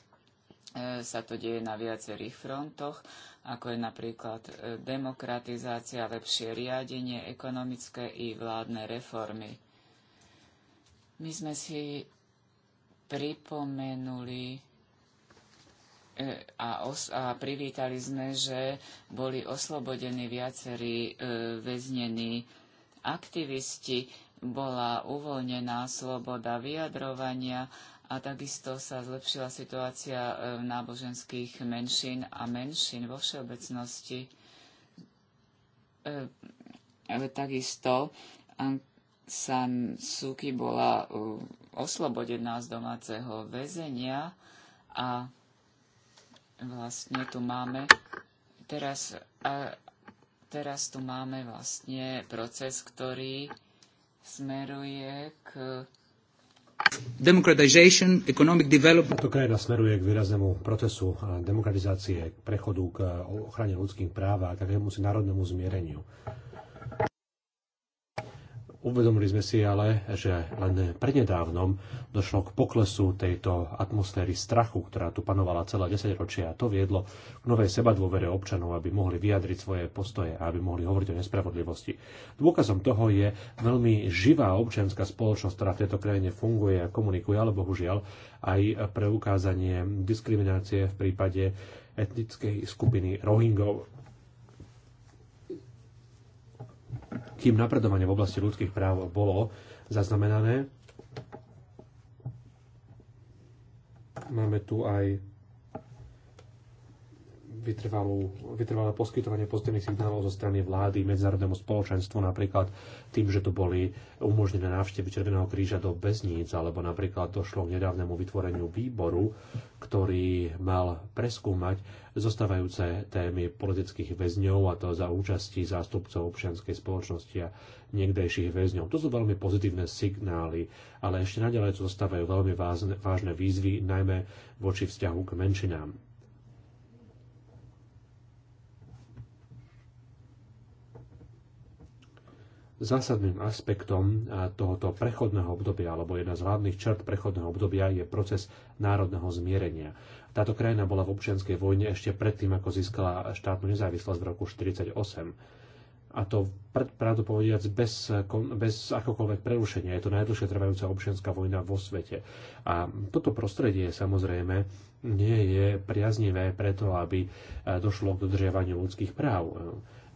sa to deje na viacerých frontoch, ako je napríklad e, demokratizácia, lepšie riadenie, ekonomické i vládne reformy. My sme si pripomenuli e, a, os- a privítali sme, že boli oslobodení viacerí e, väznení aktivisti, bola uvoľnená sloboda vyjadrovania a takisto sa zlepšila situácia e, náboženských menšín a menšín vo všeobecnosti. E, takisto San Suki bola e, oslobodená z domáceho väzenia a vlastne tu máme teraz teraz tu máme vlastne proces, ktorý smeruje k Democratization, economic development. Táto krajina smeruje k výraznému procesu e, demokratizácie, k prechodu k ochrane ľudských práv a k akémusi národnému zmiereniu. Uvedomili sme si ale, že len prednedávnom došlo k poklesu tejto atmosféry strachu, ktorá tu panovala celé 10 ročia a to viedlo k novej sebadôvere občanov, aby mohli vyjadriť svoje postoje a aby mohli hovoriť o nespravodlivosti. Dôkazom toho je veľmi živá občianská spoločnosť, ktorá v tejto krajine funguje a komunikuje, ale bohužiaľ aj preukázanie diskriminácie v prípade etnickej skupiny Rohingov. kým napredovanie v oblasti ľudských práv bolo zaznamenané. Máme tu aj vytrvalé poskytovanie pozitívnych signálov zo strany vlády medzinárodnému spoločenstvu, napríklad tým, že tu boli umožnené návštevy Červeného kríža do bezníc, alebo napríklad došlo k nedávnemu vytvoreniu výboru, ktorý mal preskúmať zostávajúce témy politických väzňov a to za účasti zástupcov občianskej spoločnosti a niekdejších väzňov. To sú veľmi pozitívne signály, ale ešte naďalej zostávajú veľmi vážne výzvy, najmä voči vzťahu k menšinám. Zásadným aspektom tohoto prechodného obdobia, alebo jedna z hlavných črt prechodného obdobia, je proces národného zmierenia. Táto krajina bola v občianskej vojne ešte predtým, ako získala štátnu nezávislosť v roku 1948 a to pravdu povediac bez, bez akokoľvek prerušenia. Je to najdlhšie trvajúca občianská vojna vo svete. A toto prostredie samozrejme nie je priaznivé preto, aby došlo k dodržiavaniu ľudských práv.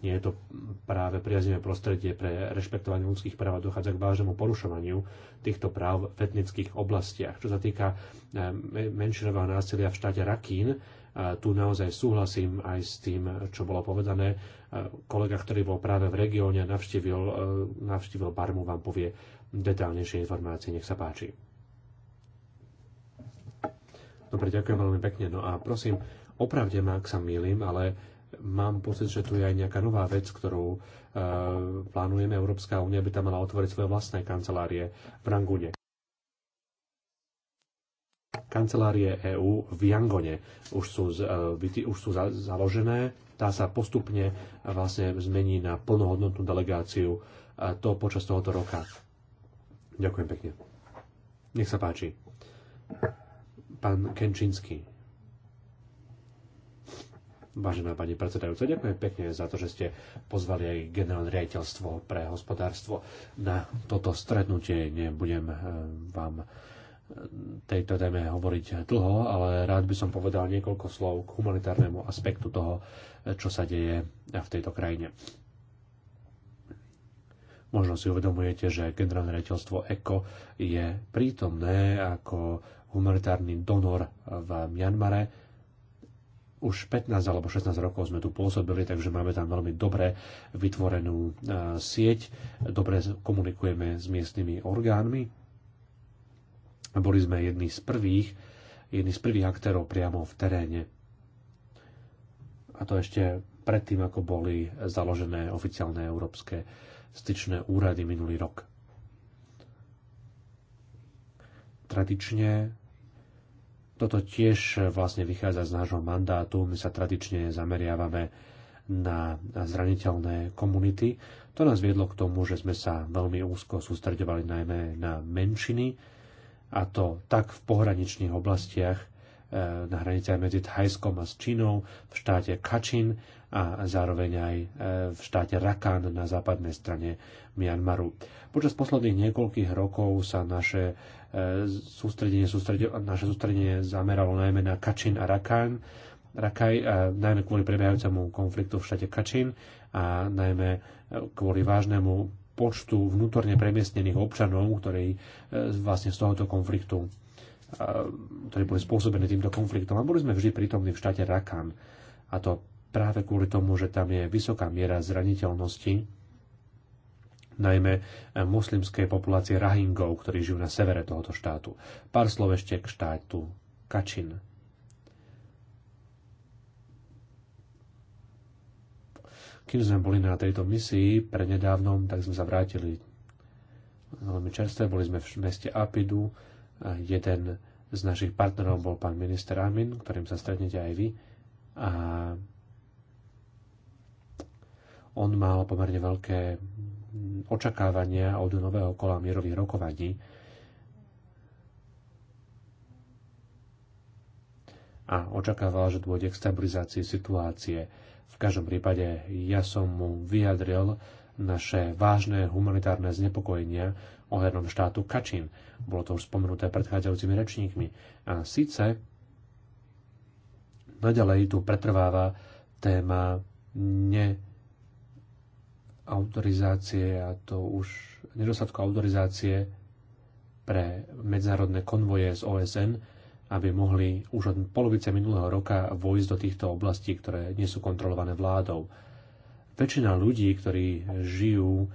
Nie je to práve priaznivé prostredie pre rešpektovanie ľudských práv a dochádza k vážnemu porušovaniu týchto práv v etnických oblastiach. Čo sa týka eh, menšinového násilia v štáte Rakín, eh, tu naozaj súhlasím aj s tým, čo bolo povedané. Eh, kolega, ktorý bol práve v regióne, navštívil, navštívil Barmu, vám povie detálnejšie informácie. Nech sa páči. Dobre, ďakujem veľmi pekne. No a prosím, opravde ma, ak sa mýlim, ale Mám pocit, že tu je aj nejaká nová vec, ktorú e, plánujeme. Európska únia by tam mala otvoriť svoje vlastné kancelárie v Rangune. Kancelárie EÚ v Jangone už sú, e, už sú za, založené. Tá sa postupne vlastne zmení na plnohodnotnú delegáciu e, to počas tohoto roka. Ďakujem pekne. Nech sa páči. Pán Kenčínsky. Vážená pani predsedajúca, ďakujem pekne za to, že ste pozvali aj generálne riaditeľstvo pre hospodárstvo na toto stretnutie. Nebudem eh, vám eh, tejto téme hovoriť dlho, ale rád by som povedal niekoľko slov k humanitárnemu aspektu toho, eh, čo sa deje v tejto krajine. Možno si uvedomujete, že generálne riaditeľstvo ECO je prítomné ako humanitárny donor v Mianmare už 15 alebo 16 rokov sme tu pôsobili, takže máme tam veľmi dobre vytvorenú e, sieť, dobre komunikujeme s miestnymi orgánmi. Boli sme jedni z prvých, jedni z prvých aktérov priamo v teréne. A to ešte predtým, ako boli založené oficiálne európske styčné úrady minulý rok. Tradične toto tiež e, vlastne vychádza z nášho mandátu. My sa tradične zameriavame na zraniteľné komunity. To nás viedlo k tomu, že sme sa veľmi úzko sústreďovali najmä na menšiny, a to tak v pohraničných oblastiach, e, na hraniciach medzi Thajskom a s Čínou, v štáte Kačin a zároveň aj e, v štáte Rakan na západnej strane Myanmaru. Počas posledných niekoľkých rokov sa naše sústredenie, sústredenie, naše sústredenie zameralo najmä na Kačin a Rakán, Rakaj, najmä kvôli prebiehajúcemu konfliktu v štáte Kačin a najmä e, kvôli vážnemu počtu vnútorne premiestnených občanov, ktorí e, vlastne z tohoto konfliktu e, ktorí boli spôsobené týmto konfliktom. A boli sme vždy prítomní v štáte Rakan. A to práve kvôli tomu, že tam je vysoká miera zraniteľnosti najmä eh, muslimskej populácie Rahingov, ktorí žijú na severe tohoto štátu. Pár slov ešte k štátu Kačin. Kým sme boli na tejto misii prednedávnom, tak sme sa vrátili veľmi čerstvé. Boli sme v meste Apidu. Jeden z našich partnerov bol pán minister Amin, ktorým sa stretnete aj vy. A on mal pomerne veľké Mm, očakávania od nového kola mierových rokovaní a očakávala, že dôjde k stabilizácii situácie. V každom prípade ja som mu vyjadril naše vážne humanitárne znepokojenia ohľadom štátu Kačín. Bolo to už spomenuté predchádzajúcimi rečníkmi. A síce naďalej tu pretrváva téma autorizácie a to už nedostatku autorizácie pre medzinárodné konvoje z OSN, aby mohli už od polovice minulého roka vojsť do týchto oblastí, ktoré nie sú kontrolované vládou. Väčšina ľudí, ktorí žijú e,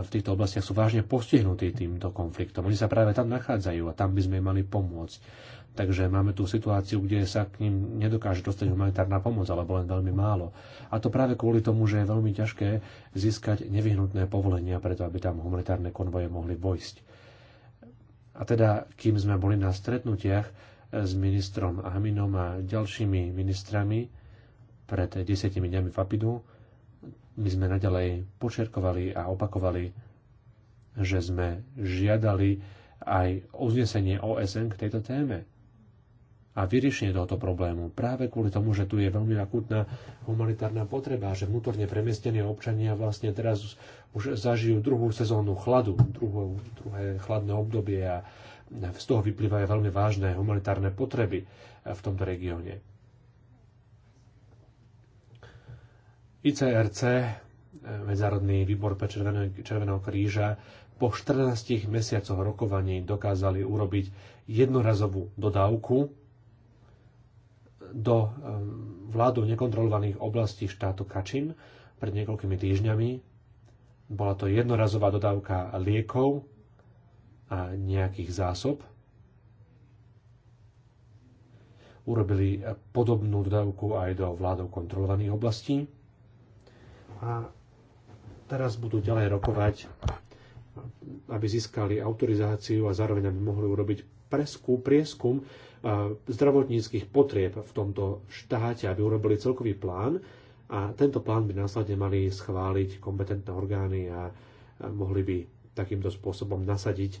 v týchto oblastiach sú vážne postihnutí týmto konfliktom. Oni sa práve tam nachádzajú a tam by sme im mali pomôcť. Takže máme tú situáciu, kde sa k ním nedokáže dostať humanitárna pomoc, alebo len veľmi málo. A to práve kvôli tomu, že je veľmi ťažké získať nevyhnutné povolenia, preto aby tam humanitárne konvoje mohli vojsť. A teda, kým sme boli na stretnutiach s ministrom Aminom a ďalšími ministrami pred desiatimi dňami Fapidu, my sme nadalej počerkovali a opakovali, že sme žiadali aj uznesenie OSN k tejto téme a vyriešenie tohoto problému. Práve kvôli tomu, že tu je veľmi akútna humanitárna potreba, že vnútorne premiestnené občania vlastne teraz už zažijú druhú sezónu chladu, druhé, druhé chladné obdobie a z toho vyplývajú veľmi vážne humanitárne potreby v tomto regióne. ICRC, eh, Medzárodný výbor pre Červeného, Červeného kríža, po 14 mesiacoch rokovaní dokázali urobiť jednorazovú dodávku do vládu nekontrolovaných oblastí štátu Kačin pred niekoľkými týždňami. Bola to jednorazová dodávka liekov a nejakých zásob. Urobili podobnú dodávku aj do vládov kontrolovaných oblastí. A teraz budú ďalej rokovať, aby získali autorizáciu a zároveň aby mohli urobiť preskú, prieskum zdravotníckých potrieb v tomto štáte, aby urobili celkový plán a tento plán by následne mali schváliť kompetentné orgány a mohli by takýmto spôsobom nasadiť e,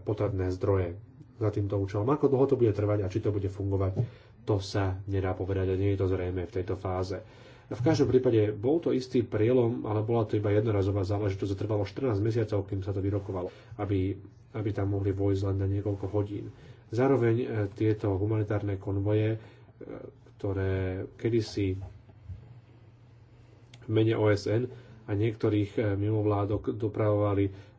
potrebné zdroje za týmto účelom. Ako dlho to bude trvať a či to bude fungovať, to sa nedá povedať a nie je to zrejme v tejto fáze. V každom prípade bol to istý prielom, ale bola to iba jednorazová záležitosť. Trvalo 14 mesiacov, kým sa to vyrokovalo, aby, aby tam mohli vojsť len na niekoľko hodín. Zároveň e, tieto humanitárne konvoje, e, ktoré kedysi v mene OSN a niektorých e, mimovládok dopravovali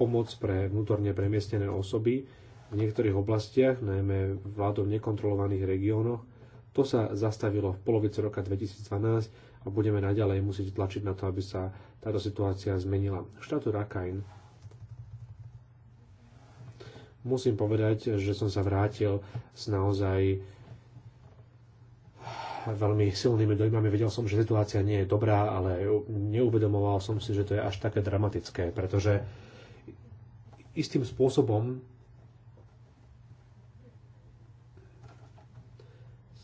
pomoc pre vnútorne premiestnené osoby v niektorých oblastiach, najmä vládou nekontrolovaných regiónoch. To sa zastavilo v polovici roka 2012 a budeme naďalej musieť tlačiť na to, aby sa táto situácia zmenila. Štátu Rakhine musím povedať, že som sa vrátil s naozaj veľmi silnými dojmami. Vedel som, že situácia nie je dobrá, ale neuvedomoval som si, že to je až také dramatické, pretože istým spôsobom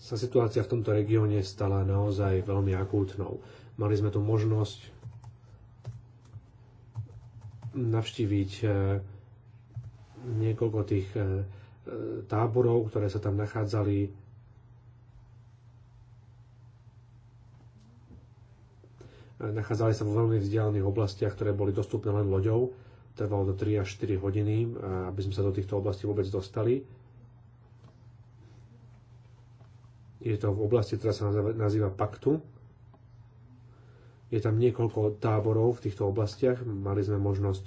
sa situácia v tomto regióne stala naozaj veľmi akútnou. Mali sme tu možnosť navštíviť eh, niekoľko tých e, e, táborov, ktoré sa tam nachádzali. E, nachádzali sa vo veľmi vzdialených oblastiach, ktoré boli dostupné len loďou. Trvalo to 3 až 4 hodiny, aby sme sa do týchto oblastí vôbec dostali. Je to v oblasti, ktorá sa nazýva Paktu, je tam niekoľko táborov v týchto oblastiach. Mali sme možnosť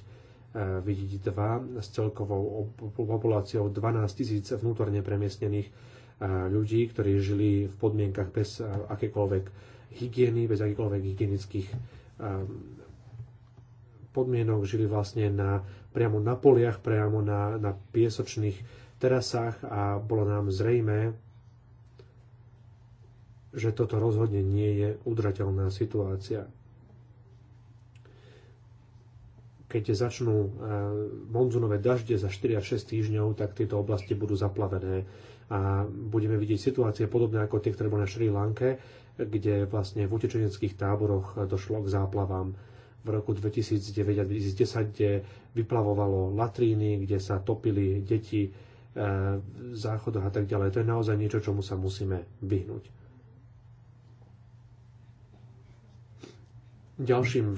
E, vidieť dva s celkovou populáciou 12 tisíc vnútorne premiestnených e, ľudí, ktorí žili v podmienkach bez e, akékoľvek hygieny, bez akýchkoľvek hygienických podmienok, žili vlastne na, priamo na poliach, priamo na, na piesočných terasách a bolo nám zrejme, že toto rozhodne nie je udržateľná situácia. keď začnú e, monzunové dažde za 4 až 6 týždňov, tak tieto oblasti budú zaplavené a budeme vidieť situácie podobné ako tie, ktoré boli na Šri Lanke, kde vlastne v utečeneckých táboroch došlo k záplavám v roku 2009 a 2010, kde vyplavovalo latríny, kde sa topili deti e, v záchodoch a tak ďalej. To je naozaj niečo, čomu sa musíme vyhnúť. Ďalším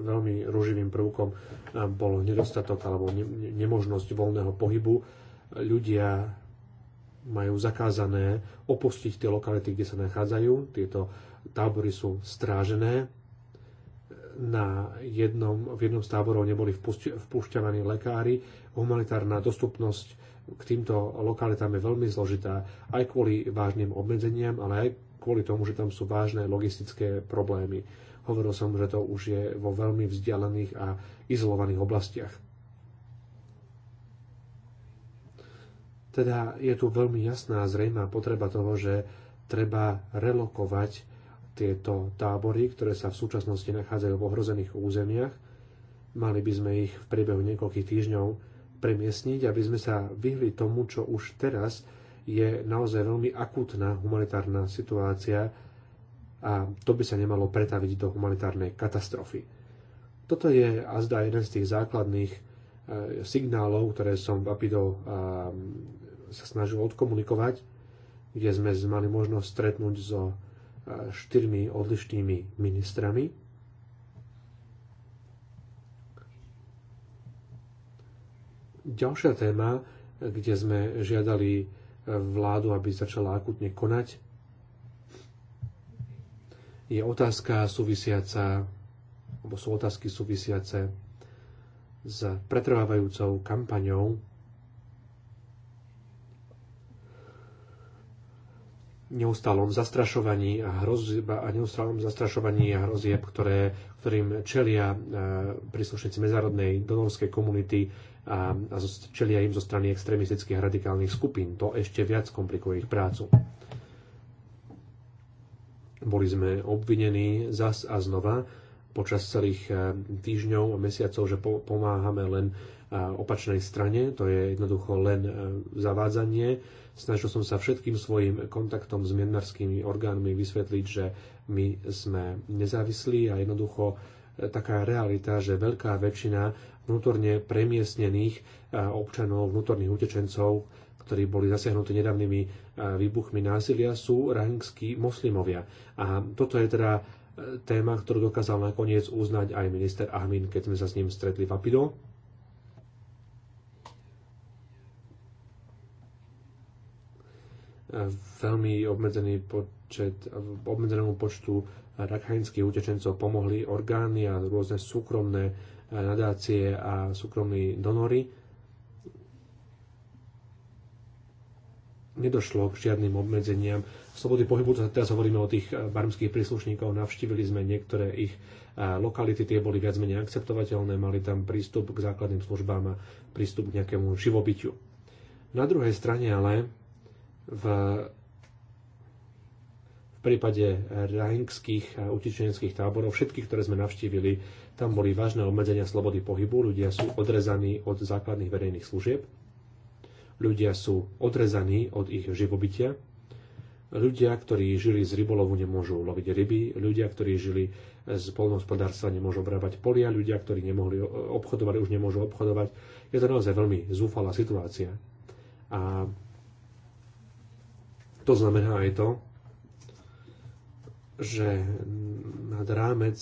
veľmi ruživým prvkom eh, bol nedostatok alebo ne- nemožnosť voľného pohybu. Ľudia majú zakázané opustiť tie lokality, kde sa nachádzajú. Tieto tábory sú strážené. Na jednom, v jednom z táborov neboli vpúšťovaní lekári. Humanitárna dostupnosť k týmto lokalitám je veľmi zložitá aj kvôli vážnym obmedzeniam, ale aj kvôli tomu, že tam sú vážne logistické problémy Hovoril som, že to už je vo veľmi vzdialených a izolovaných oblastiach. Teda je tu veľmi jasná a zrejmá potreba toho, že treba relokovať tieto tábory, ktoré sa v súčasnosti nachádzajú v ohrozených územiach. Mali by sme ich v priebehu niekoľkých týždňov premiesniť, aby sme sa vyhli tomu, čo už teraz je naozaj veľmi akútna humanitárna situácia a to by sa nemalo pretaviť do humanitárnej katastrofy. Toto je azda jeden z tých základných eh, signálov, ktoré som v APIDO eh, sa snažil odkomunikovať, kde sme mali možnosť stretnúť so eh, štyrmi odlišnými ministrami. Ďalšia téma, kde sme žiadali vládu, aby začala akutne konať, je otázka súvisiaca, alebo sú otázky súvisiace s pretrvávajúcou kampaňou neustálom zastrašovaní a, hrozieb a neustálom zastrašovaní a hrozieb, ktoré, ktorým čelia e, príslušníci medzinárodnej donorskej komunity a, a čelia im zo strany extrémistických radikálnych skupín. To ešte viac komplikuje ich prácu. Boli sme obvinení zas a znova počas celých eh, týždňov a mesiacov, že pomáhame len eh, opačnej strane, to je jednoducho len eh, zavádzanie. Snažil som sa všetkým svojim kontaktom s mienarskými orgánmi vysvetliť, že my sme nezávislí a jednoducho taká realita, že veľká väčšina vnútorne premiestnených občanov, vnútorných utečencov ktorí boli zasiahnutí nedávnymi e, výbuchmi násilia, sú rahingskí moslimovia. A toto je teda e, téma, ktorú dokázal nakoniec uznať aj minister Ahmin, keď sme sa s ním stretli v Apido. E, veľmi obmedzený počet, obmedzenému počtu rakhajnských utečencov pomohli orgány a rôzne súkromné nadácie a súkromní donory nedošlo k žiadnym obmedzeniam slobody pohybu. Teraz hovoríme o tých eh, barmských príslušníkov, navštívili sme niektoré ich eh, lokality, tie boli viac menej akceptovateľné, mali tam prístup k základným službám a prístup k nejakému živobytiu. Na druhej strane ale v, v prípade rajnských utečeneckých táborov, všetkých, ktoré sme navštívili, tam boli vážne obmedzenia slobody pohybu, ľudia sú odrezaní od základných verejných služieb Ľudia sú odrezaní od ich živobytia. Ľudia, ktorí žili z rybolovu, nemôžu loviť ryby. Ľudia, ktorí žili z polnohospodárstva, nemôžu obrábať polia. Ľudia, ktorí nemohli obchodovať, už nemôžu obchodovať. Je to naozaj veľmi zúfalá situácia. A to znamená aj to, že nad rámec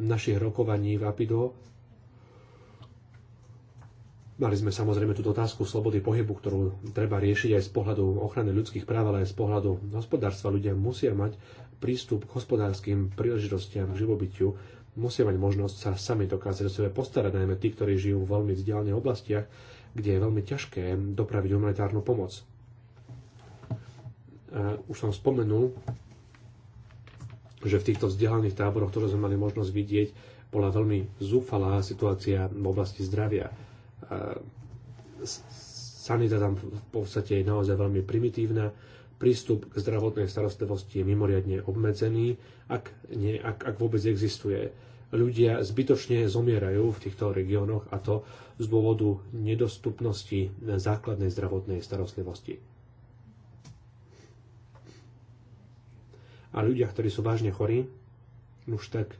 našich rokovaní v Apido Mali sme samozrejme túto otázku slobody pohybu, ktorú treba riešiť aj z pohľadu ochrany ľudských práv, ale aj z pohľadu hospodárstva. Ľudia musia mať prístup k hospodárskym príležitostiam, k živobytiu, musia mať možnosť sa sami dokázať o sebe postarať, najmä tí, ktorí žijú v veľmi vzdialených oblastiach, kde je veľmi ťažké dopraviť humanitárnu pomoc. E, už som spomenul, že v týchto vzdialených táboroch, ktoré sme mali možnosť vidieť, bola veľmi zúfalá situácia v oblasti zdravia sanita tam v podstate je naozaj veľmi primitívna, prístup k zdravotnej starostlivosti je mimoriadne obmedzený, ak, nie, ak, ak vôbec existuje. Ľudia zbytočne zomierajú v týchto regiónoch a to z dôvodu nedostupnosti základnej zdravotnej starostlivosti. A ľudia, ktorí sú vážne chorí, už tak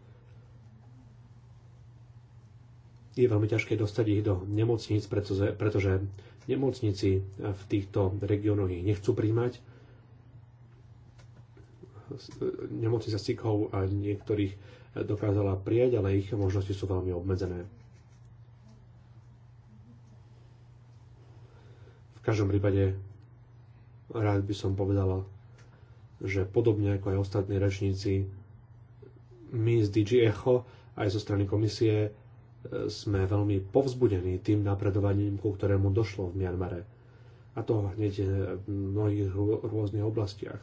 je veľmi ťažké dostať ich do nemocníc, pretože, pretože nemocníci v týchto regiónoch ich nechcú príjmať. E, Nemocnica Sikhov a niektorých e, dokázala prijať, ale ich možnosti sú veľmi obmedzené. V každom prípade rád by som povedala, že podobne ako aj ostatní rečníci, my z DG Echo aj zo strany komisie sme veľmi povzbudení tým napredovaním, ku ktorému došlo v Mianmare. A to hneď v mnohých rôznych oblastiach.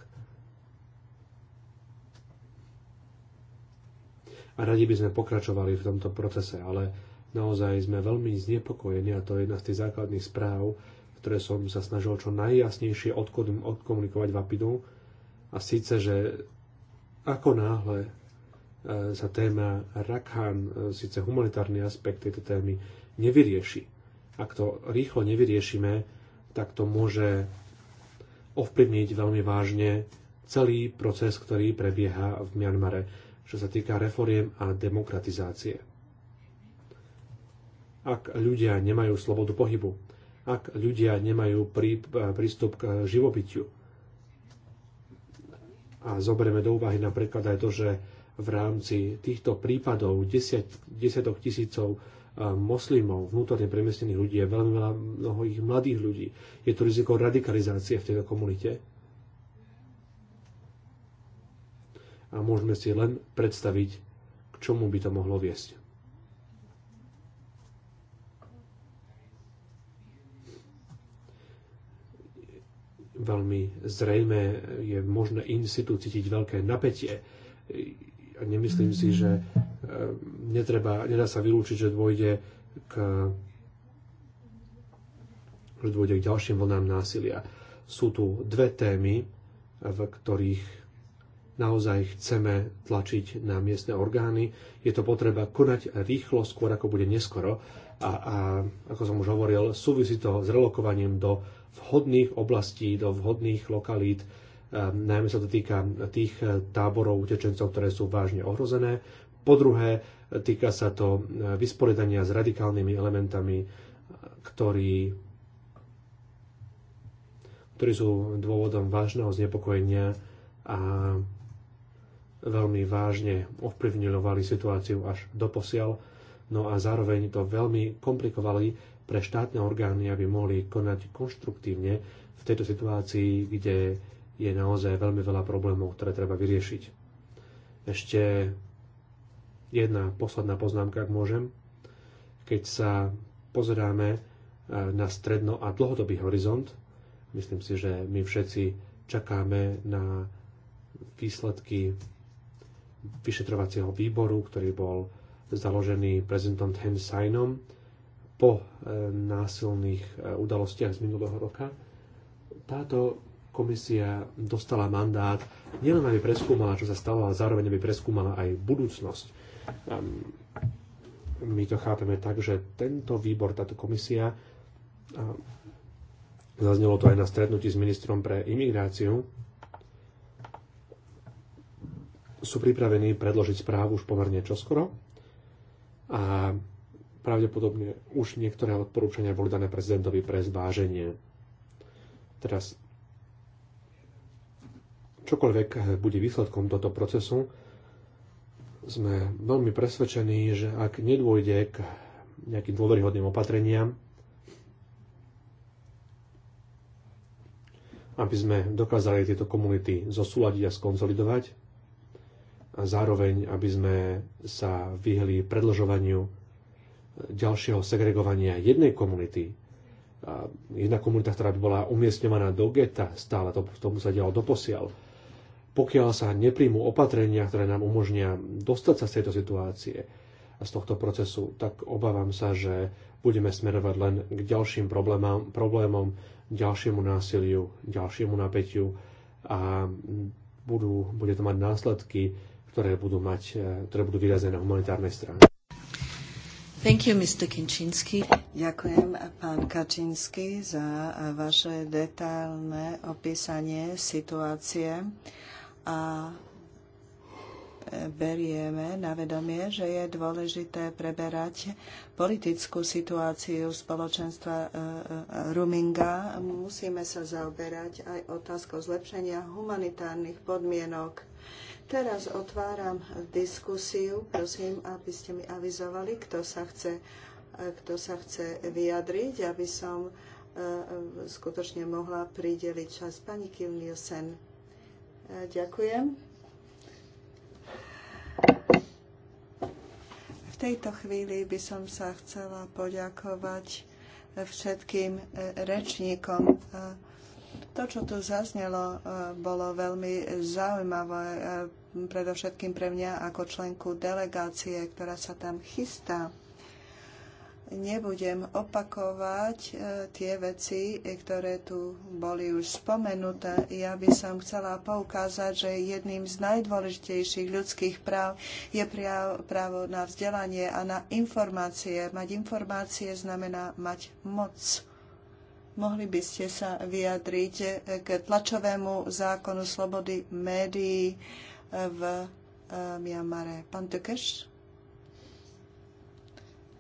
A radi by sme pokračovali v tomto procese, ale naozaj sme veľmi znepokojení a to je jedna z tých základných správ, ktoré som sa snažil čo najjasnejšie odkomunikovať v Apidu. A síce, že ako náhle E, sa téma Rakhán, e, síce humanitárny aspekt tejto témy, nevyrieši. Ak to rýchlo nevyriešime, tak to môže ovplyvniť veľmi vážne celý proces, ktorý prebieha v Mianmare, čo sa týka reforiem a demokratizácie. Ak ľudia nemajú slobodu pohybu, ak ľudia nemajú prí, e, prístup k živobytiu, a zoberieme do úvahy napríklad aj to, že v rámci týchto prípadov desiat, desiatok tisícov moslimov, vnútorne premiestnených ľudí, je veľmi veľa mnoho ich mladých ľudí. Je to riziko radikalizácie v tejto komunite. A môžeme si len predstaviť, k čomu by to mohlo viesť. veľmi zrejme je možné in situ cítiť veľké napätie nemyslím si, že eh, netreba, nedá sa vylúčiť, že dôjde k že dôjde k ďalším vlnám násilia. Sú tu dve témy, v ktorých naozaj chceme tlačiť na miestne orgány. Je to potreba konať rýchlo, skôr ako bude neskoro. A, a ako som už hovoril, súvisí to s relokovaním do vhodných oblastí, do vhodných lokalít, najmä sa to týka tých e, táborov utečencov, ktoré sú vážne ohrozené. Po druhé, týka sa to e, vysporiadania s radikálnymi elementami, e, ktorí, ktorí sú dôvodom vážneho znepokojenia a veľmi vážne ovplyvňovali situáciu až doposiaľ, no a zároveň to veľmi komplikovali pre štátne orgány, aby mohli konať konštruktívne v tejto situácii, kde je naozaj veľmi veľa problémov, ktoré treba vyriešiť. Ešte jedna posledná poznámka, ak môžem. Keď sa pozeráme eh, na stredno a dlhodobý horizont, myslím si, že my všetci čakáme na výsledky vyšetrovacieho výboru, ktorý bol založený prezidentom Ten Sainom po eh, násilných eh, udalostiach z minulého roka. Táto komisia dostala mandát nielen aby preskúmala, čo sa stalo, ale zároveň aby preskúmala aj budúcnosť. Ehm, my to chápeme tak, že tento výbor, táto komisia, ehm, zaznelo to aj na stretnutí s ministrom pre imigráciu, sú pripravení predložiť správu už pomerne čoskoro a pravdepodobne už niektoré odporúčania boli dané prezidentovi pre zváženie. Teraz Čokoľvek eh, bude výsledkom tohto procesu, sme veľmi presvedčení, že ak nedôjde k nejakým dôveryhodným opatreniam, aby sme dokázali tieto komunity zosúľadiť a skonzolidovať a zároveň, aby sme sa vyhli predlžovaniu eh, ďalšieho segregovania jednej komunity. Jedna komunita, ktorá by bola umiestňovaná do geta, stále to, tomu sa dialo doposiaľ pokiaľ sa nepríjmú opatrenia, ktoré nám umožnia dostať sa z tejto situácie a z tohto procesu, tak obávam sa, že budeme smerovať len k ďalším problémom, problémom ďalšiemu násiliu, ďalšiemu napätiu a budú, bude to mať následky, ktoré budú, mať, e, ktoré budú vyrazené na humanitárnej strane. Thank you, Mr. Ďakujem, pán Kačinsky, za vaše detailné opísanie situácie a e, berieme na vedomie, že je dôležité preberať politickú situáciu spoločenstva e, e, Ruminga. Musíme sa zaoberať aj otázkou zlepšenia humanitárnych podmienok. Teraz otváram diskusiu. Prosím, aby ste mi avizovali, kto sa chce, kto sa chce vyjadriť, aby som skutočne mohla prideliť čas. Pani Kilniusen. Ďakujem. V tejto chvíli by som sa chcela poďakovať všetkým e, rečníkom. E, to, čo tu zaznelo, e, bolo veľmi zaujímavé, predovšetkým pre mňa ako členku delegácie, ktorá sa tam chystá nebudem opakovať e, tie veci, ktoré tu boli už spomenuté. Ja by som chcela poukázať, že jedným z najdôležitejších ľudských práv je právo na vzdelanie a na informácie. Mať informácie znamená mať moc. Mohli by ste sa vyjadriť e, k tlačovému zákonu slobody médií e, v Miamare. Pán Tökeš?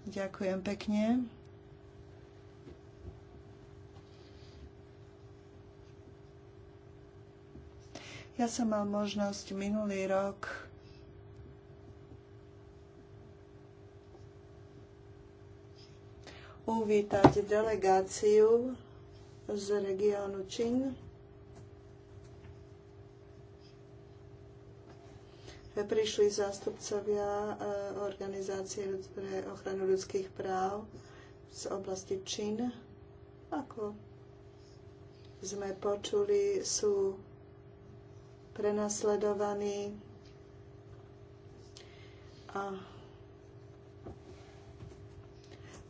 Ďakujem pekne. Ja som mal možnosť minulý rok uvítať delegáciu z regiónu Čín. prišli zástupcovia e, organizácie pre ochranu ľudských práv z oblasti Čín. Ako sme počuli, sú prenasledovaní a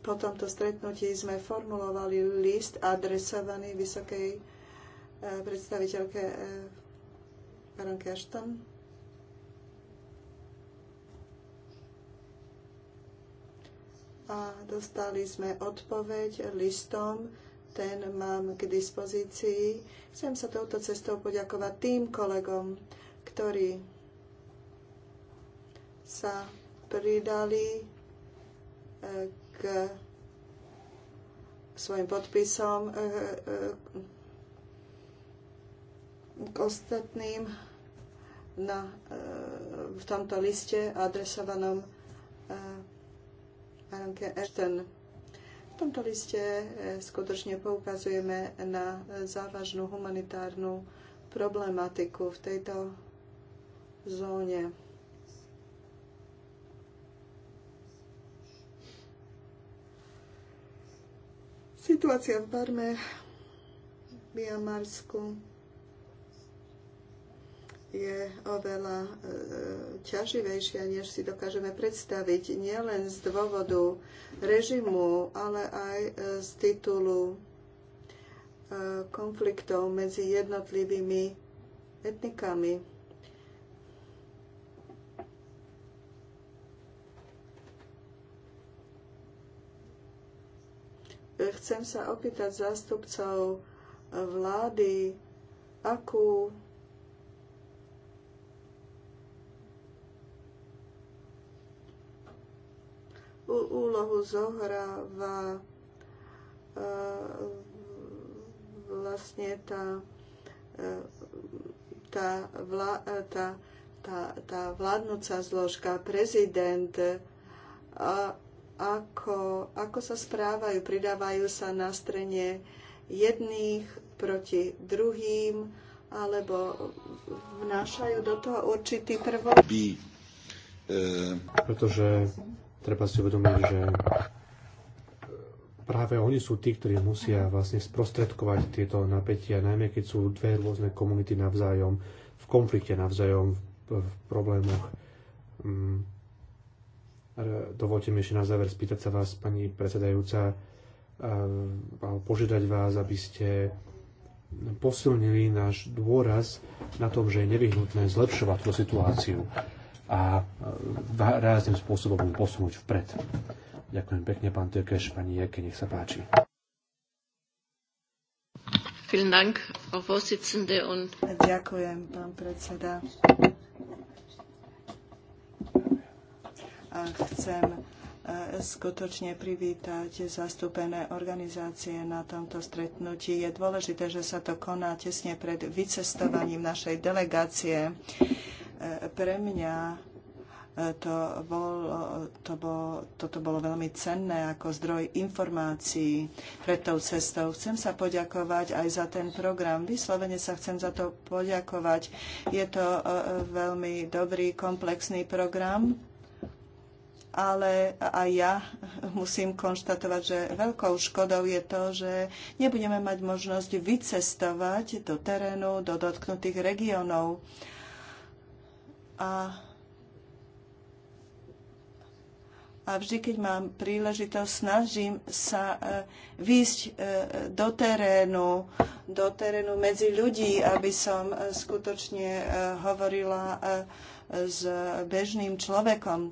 po tomto stretnutí sme formulovali list adresovaný vysokej e, predstaviteľke e, Baronke Ashton a dostali sme odpoveď listom, ten mám k dispozícii. Chcem sa touto cestou poďakovať tým kolegom, ktorí sa pridali e, k svojim podpisom e, e, k ostatným na, v tomto liste adresovanom baronke Ashton. V tomto liste e, skutočne poukazujeme na závažnú humanitárnu problematiku v tejto zóne. Situácia v Barme, v Biamarsku, je oveľa e, ťaživejšia, než si dokážeme predstaviť, nielen z dôvodu režimu, ale aj e, z titulu e, konfliktov medzi jednotlivými etnikami. Chcem sa opýtať zástupcov vlády, akú úlohu zohráva e, vlastne tá, e, tá, e, tá, tá, tá vládnúca zložka, prezident, a ako, ako sa správajú, pridávajú sa na strane jedných proti druhým, alebo vnášajú do toho určitý prvok. Pretože Treba si uvedomiť, že e, práve oni sú tí, ktorí musia vlastne sprostredkovať tieto napätia, najmä keď sú dve rôzne komunity navzájom, v konflikte navzájom, v, problémoch. Mm. Dovolte mi ešte na záver spýtať sa vás, pani predsedajúca, e, alebo požiadať vás, aby ste posilnili náš dôraz na tom, že je nevyhnutné zlepšovať tú situáciu, a e, rázným spôsobom ju posunúť vpred. Ďakujem pekne, pán Tökeš, pani Jeke, nech sa páči. Ďakujem, pán predseda. A chcem e, skutočne privítať zastúpené organizácie na tomto stretnutí. Je dôležité, že sa to koná tesne pred vycestovaním našej delegácie. Pre mňa e, to bol to bol, toto bolo veľmi cenné ako zdroj informácií pred tou cestou. Chcem sa poďakovať aj za ten program. Vyslovene sa chcem za to poďakovať. Je to e, e, veľmi dobrý, komplexný program, ale aj ja musím konštatovať, že veľkou škodou je to, že nebudeme mať možnosť vycestovať do terénu, do dotknutých regiónov a a vždy, keď mám príležitosť, snažím sa e, výjsť e, do terénu, do terénu medzi ľudí, aby som e, skutočne hovorila s bežným človekom.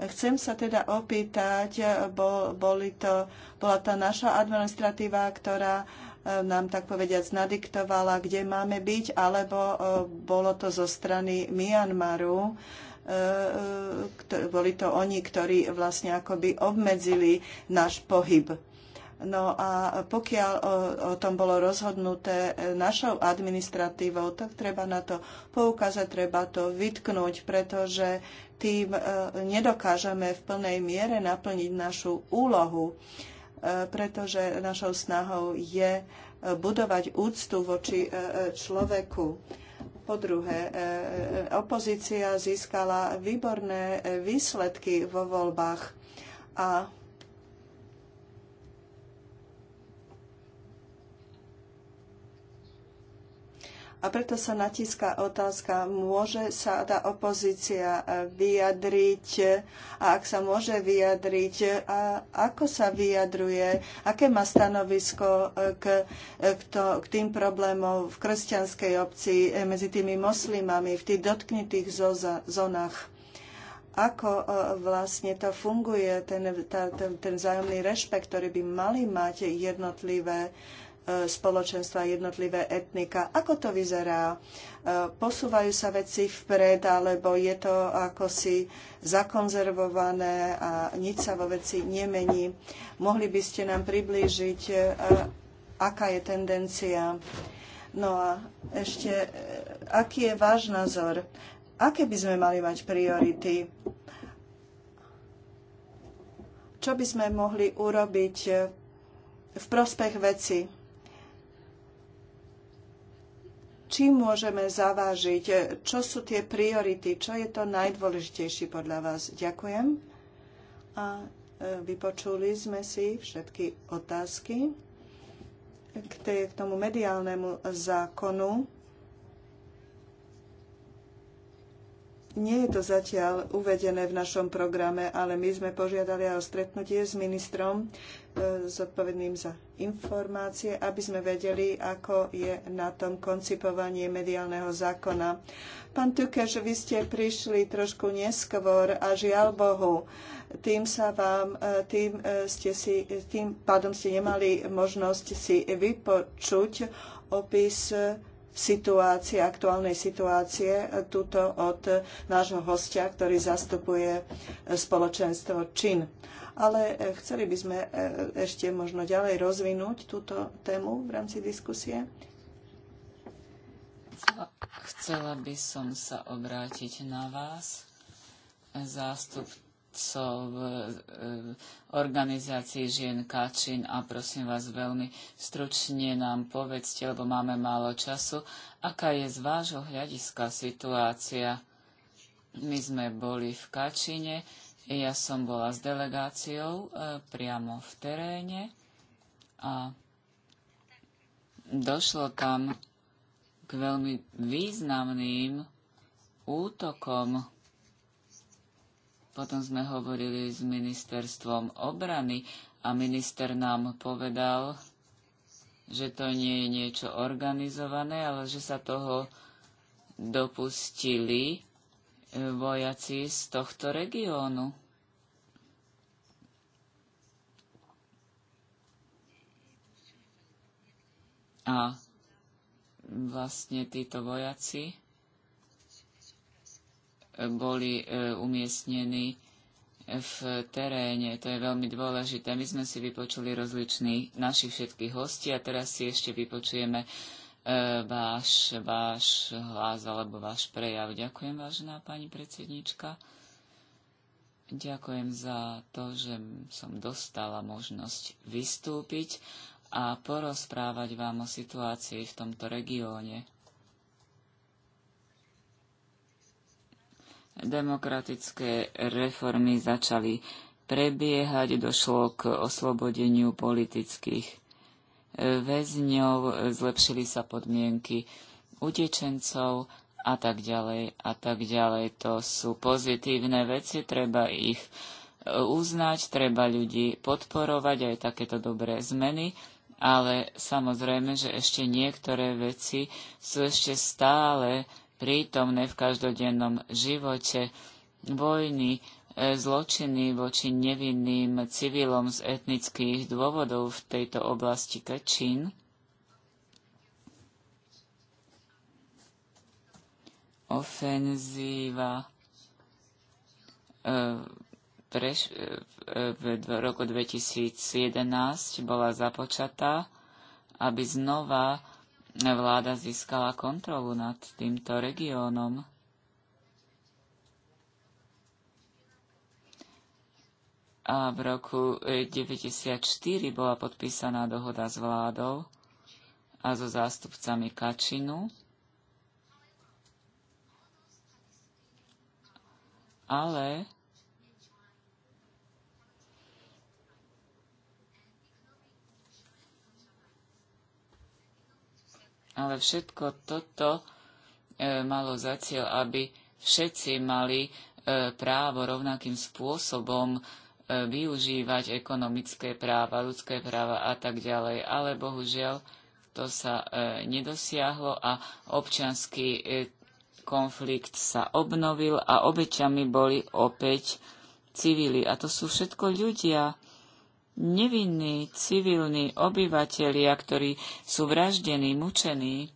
Chcem sa teda opýtať, bol, boli to, bola tá naša administratíva, ktorá uh, nám tak povediať nadiktovala, kde máme byť, alebo e, bolo to zo strany Myanmaru. E, boli to oni, ktorí vlastne akoby obmedzili náš pohyb. No a pokiaľ o, e, o tom bolo rozhodnuté našou administratívou, tak treba na to poukázať, treba to vytknúť, pretože tým nedokážeme v plnej miere naplniť našu úlohu. E, pretože našou snahou je e, budovať úctu voči e, e, človeku. Po druhé, opozícia získala výborné výsledky vo voľbách a A preto sa natíska otázka, môže sa tá opozícia vyjadriť a ak sa môže vyjadriť, a ako sa vyjadruje, aké má stanovisko k, k, to, k tým problémom v kresťanskej obci eh, medzi tými moslimami v tých dotknutých zónach ako eh, vlastne to funguje, ten, tá, ten, ten vzájomný rešpekt, ktorý by mali mať jednotlivé spoločenstva, jednotlivé etnika. Ako to vyzerá? E, posúvajú sa veci vpred, alebo je to ako si zakonzervované a nič sa vo veci nemení? Mohli by ste nám priblížiť, e, aká je tendencia? No a ešte, e, aký je váš názor? Aké by sme mali mať priority? Čo by sme mohli urobiť v prospech veci? čím môžeme zavážiť, čo sú tie priority, čo je to najdôležitejšie podľa vás. Ďakujem. A e, vypočuli sme si všetky otázky k, k tomu mediálnemu zákonu Nie je to zatiaľ uvedené v našom programe, ale my sme požiadali o stretnutie s ministrom e, zodpovedným za informácie, aby sme vedeli, ako je na tom koncipovanie mediálneho zákona. Pán Tukeš, vy ste prišli trošku neskôr a žiaľ Bohu, tým sa vám, e, tým, e, ste si, tým pádom ste nemali možnosť si vypočuť opis situácie, aktuálnej situácie tuto od nášho hostia, ktorý zastupuje e, spoločenstvo Čin. Ale e, chceli by sme e, ešte možno ďalej rozvinúť túto tému v rámci diskusie. Chcela by som sa obrátiť na vás, zástupcov poradcov e, e, organizácií žien Kačin a prosím vás veľmi stručne nám povedzte, lebo máme málo času, aká je z vášho hľadiska situácia. My sme boli v Kačine, ja som bola s delegáciou e, priamo v teréne a došlo tam k veľmi významným útokom potom sme hovorili s ministerstvom obrany a minister nám povedal, že to nie je niečo organizované, ale že sa toho dopustili e, vojaci z tohto regiónu. A vlastne títo vojaci boli e, umiestnení v teréne. To je veľmi dôležité. My sme si vypočuli rozličných našich všetkých hostí a teraz si ešte vypočujeme e, váš, váš hlas alebo váš prejav. Ďakujem, vážená pani predsednička. Ďakujem za to, že som dostala možnosť vystúpiť a porozprávať vám o situácii v tomto regióne. Demokratické reformy začali prebiehať, došlo k oslobodeniu politických e, väzňov, e, zlepšili sa podmienky utečencov a tak ďalej a tak ďalej. To sú pozitívne veci, treba ich e, uznať, treba ľudí podporovať aj takéto dobré zmeny, ale samozrejme, že ešte niektoré veci sú ešte stále prítomné v každodennom živote. Vojny, e, zločiny voči nevinným civilom z etnických dôvodov v tejto oblasti Kečín ofenzíva e, preš- e, v roku 2011 bola započatá, aby znova vláda získala kontrolu nad týmto regiónom. A v roku 1994 eh, bola podpísaná dohoda s vládou a so zástupcami Kačinu. Ale Ale všetko toto e, malo za cieľ, aby všetci mali e, právo rovnakým spôsobom e, využívať ekonomické práva, ľudské práva a tak ďalej. Ale bohužiaľ to sa nedosiahlo a občanský konflikt sa obnovil a obeťami boli opäť civili. A to sú všetko ľudia nevinní civilní obyvatelia, ktorí sú vraždení, mučení,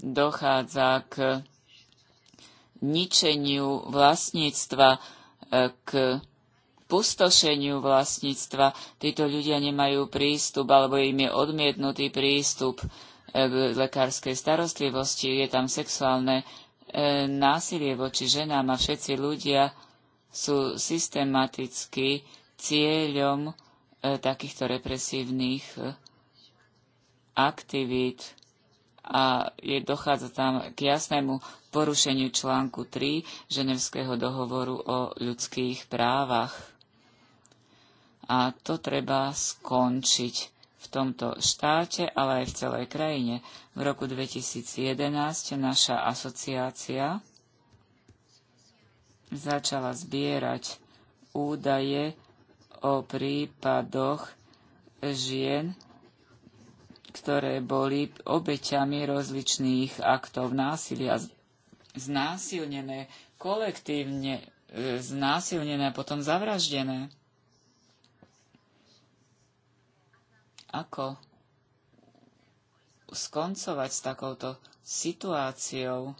dochádza k ničeniu vlastníctva, e, k pustošeniu vlastníctva. Títo ľudia nemajú prístup alebo im je odmietnutý prístup k e, lekárskej starostlivosti. Je tam sexuálne e, násilie voči ženám a všetci ľudia sú systematicky cieľom e, takýchto represívnych e, aktivít a je, dochádza tam k jasnému porušeniu článku 3 Ženevského dohovoru o ľudských právach. A to treba skončiť v tomto štáte, ale aj v celej krajine. V roku 2011 naša asociácia začala zbierať údaje o prípadoch žien, ktoré boli obeťami rozličných aktov násilia, znásilnené, kolektívne e, znásilnené, potom zavraždené. Ako skoncovať s takouto situáciou?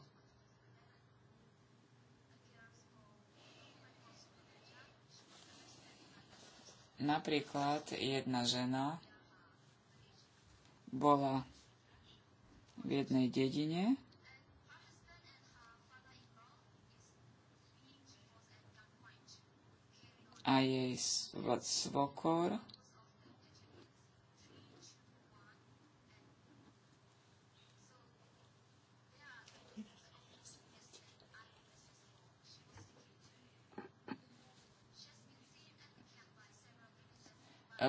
Napríklad jedna žena bola v jednej dedine a jej svokor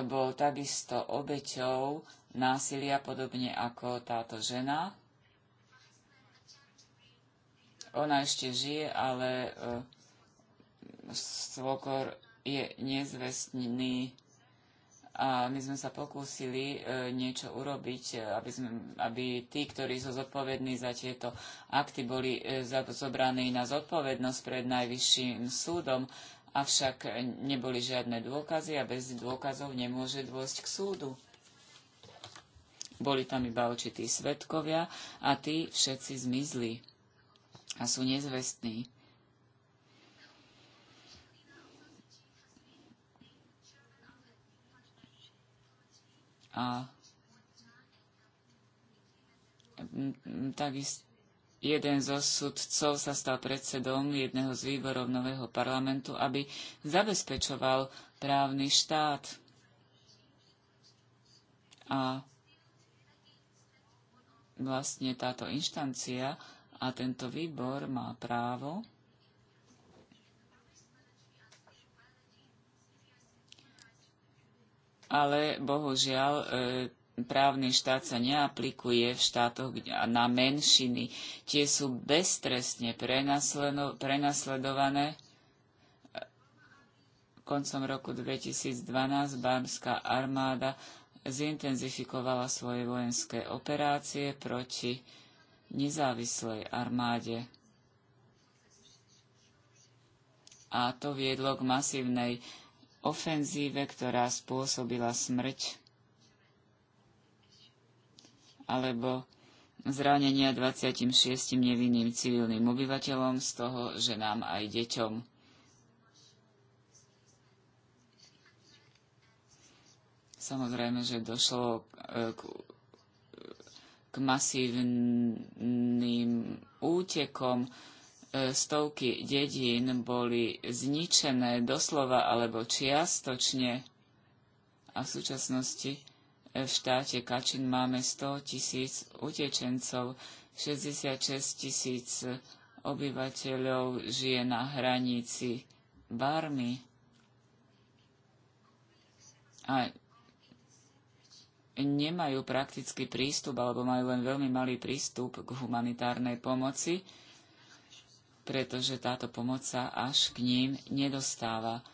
bol takisto obeťou násilia, podobne ako táto žena. Ona ešte žije, ale e, svokor je nezvestný a my sme sa pokúsili e, niečo urobiť, e, aby, sme, aby tí, ktorí sú zodpovední za tieto akty, boli zobraní na zodpovednosť pred Najvyšším súdom avšak neboli žiadne dôkazy a bez dôkazov nemôže dôjsť k súdu. Boli tam iba určití svetkovia a tí všetci zmizli a sú nezvestní. A takisto jeden zo sudcov sa stal predsedom jedného z výborov nového parlamentu, aby zabezpečoval právny štát. A vlastne táto inštancia a tento výbor má právo ale bohužiaľ e, právny štát sa neaplikuje v štátoch na menšiny. Tie sú beztrestne prenasledované. Koncom roku 2012 bámska armáda zintenzifikovala svoje vojenské operácie proti nezávislej armáde. A to viedlo k masívnej ofenzíve, ktorá spôsobila smrť alebo zranenia 26 nevinným civilným obyvateľom, z toho, že nám aj deťom. Samozrejme, že došlo e, k, e, k masívnym útekom. E, stovky dedín boli zničené doslova alebo čiastočne a v súčasnosti v štáte Kačin máme 100 tisíc utečencov, 66 tisíc obyvateľov žije na hranici Barmy. A nemajú praktický prístup alebo majú len veľmi malý prístup k humanitárnej pomoci, pretože táto pomoc sa až k ním nedostáva.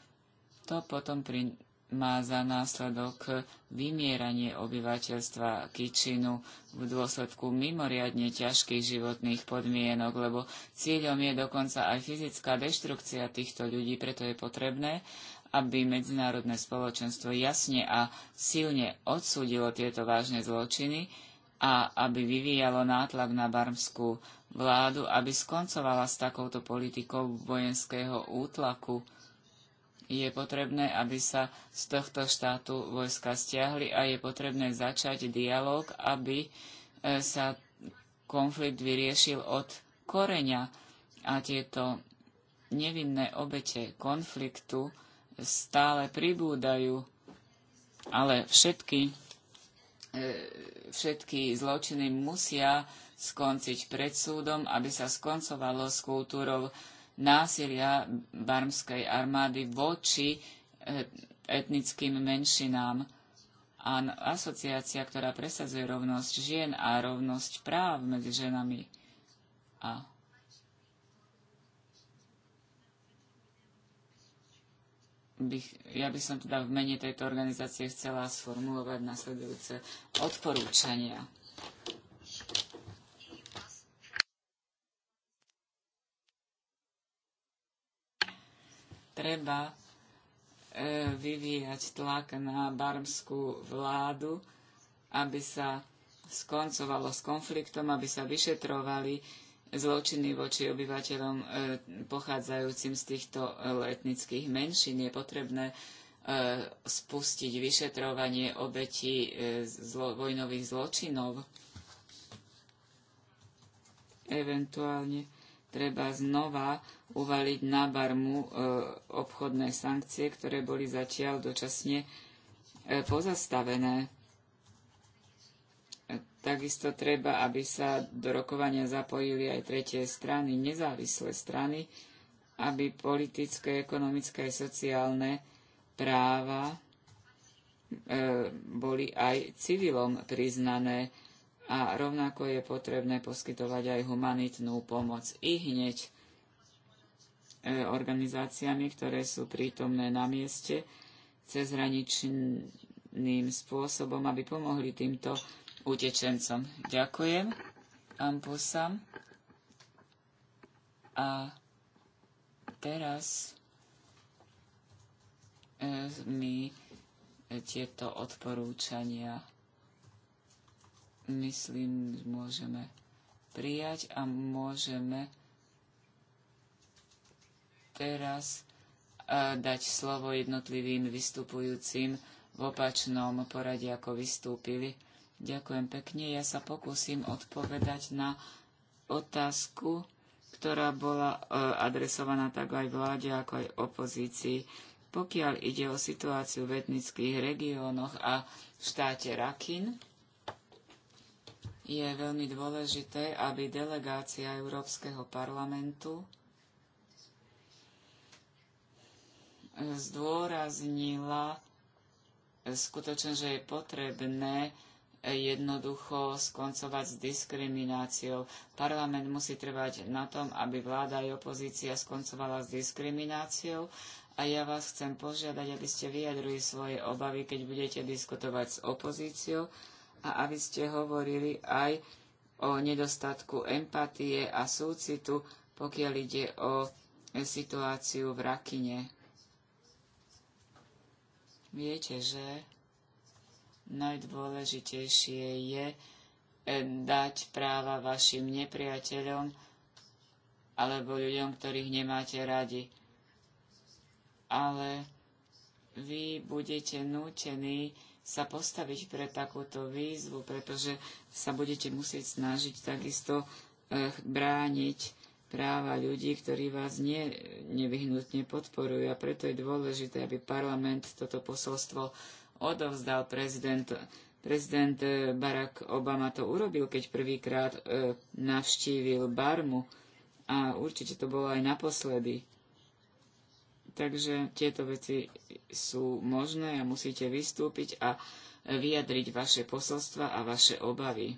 To potom pri, má za následok vymieranie obyvateľstva Kičinu v dôsledku mimoriadne ťažkých životných podmienok, lebo cieľom je dokonca aj fyzická deštrukcia týchto ľudí, preto je potrebné, aby medzinárodné spoločenstvo jasne a silne odsúdilo tieto vážne zločiny a aby vyvíjalo nátlak na barmskú vládu, aby skoncovala s takouto politikou vojenského útlaku je potrebné, aby sa z tohto štátu vojska stiahli a je potrebné začať dialog, aby e, sa konflikt vyriešil od koreňa a tieto nevinné obete konfliktu stále pribúdajú, ale všetky, e, všetky zločiny musia skončiť pred súdom, aby sa skoncovalo s kultúrou násilia barmskej armády voči eh, etnickým menšinám. A no, asociácia, ktorá presadzuje rovnosť žien a rovnosť práv medzi ženami a bych, ja by som teda v mene tejto organizácie chcela sformulovať nasledujúce odporúčania. treba e, vyvíjať tlak na barmskú vládu, aby sa skoncovalo s konfliktom, aby sa vyšetrovali zločiny voči obyvateľom e, pochádzajúcim z týchto etnických menšín. Je potrebné e, spustiť vyšetrovanie obetí zlo, vojnových zločinov. Eventuálne treba znova uvaliť na barmu e, obchodné sankcie, ktoré boli zatiaľ dočasne e, pozastavené. E, takisto treba, aby sa do rokovania zapojili aj tretie strany, nezávislé strany, aby politické, ekonomické a sociálne práva e, boli aj civilom priznané a rovnako je potrebné poskytovať aj humanitnú pomoc i hneď e, organizáciami, ktoré sú prítomné na mieste cezhraničným spôsobom, aby pomohli týmto utečencom. Ďakujem, Ampusam. A teraz e, mi tieto odporúčania myslím, môžeme prijať a môžeme teraz eh, dať slovo jednotlivým vystupujúcim v opačnom poradí, ako vystúpili. Ďakujem pekne. Ja sa pokúsim odpovedať na otázku, ktorá bola eh, adresovaná tak aj vláde, ako aj opozícii. Pokiaľ ide o situáciu v etnických regiónoch a v štáte Rakin, je veľmi dôležité, aby delegácia Európskeho parlamentu zdôraznila skutočne, že je potrebné jednoducho skoncovať s diskrimináciou. Parlament musí trvať na tom, aby vláda aj opozícia skoncovala s diskrimináciou a ja vás chcem požiadať, aby ste vyjadrili svoje obavy, keď budete diskutovať s opozíciou a aby ste hovorili aj o nedostatku empatie a súcitu, pokiaľ ide o situáciu v Rakine. Viete, že najdôležitejšie je eh, dať práva vašim nepriateľom alebo ľuďom, ktorých nemáte radi. Ale vy budete nútení sa postaviť pre takúto výzvu, pretože sa budete musieť snažiť takisto eh, brániť práva ľudí, ktorí vás nie, nevyhnutne podporujú. A preto je dôležité, aby parlament toto posolstvo odovzdal prezident. Prezident eh, Barack Obama to urobil, keď prvýkrát eh, navštívil Barmu a určite to bolo aj naposledy. Takže tieto veci sú možné a musíte vystúpiť a vyjadriť vaše posolstva a vaše obavy.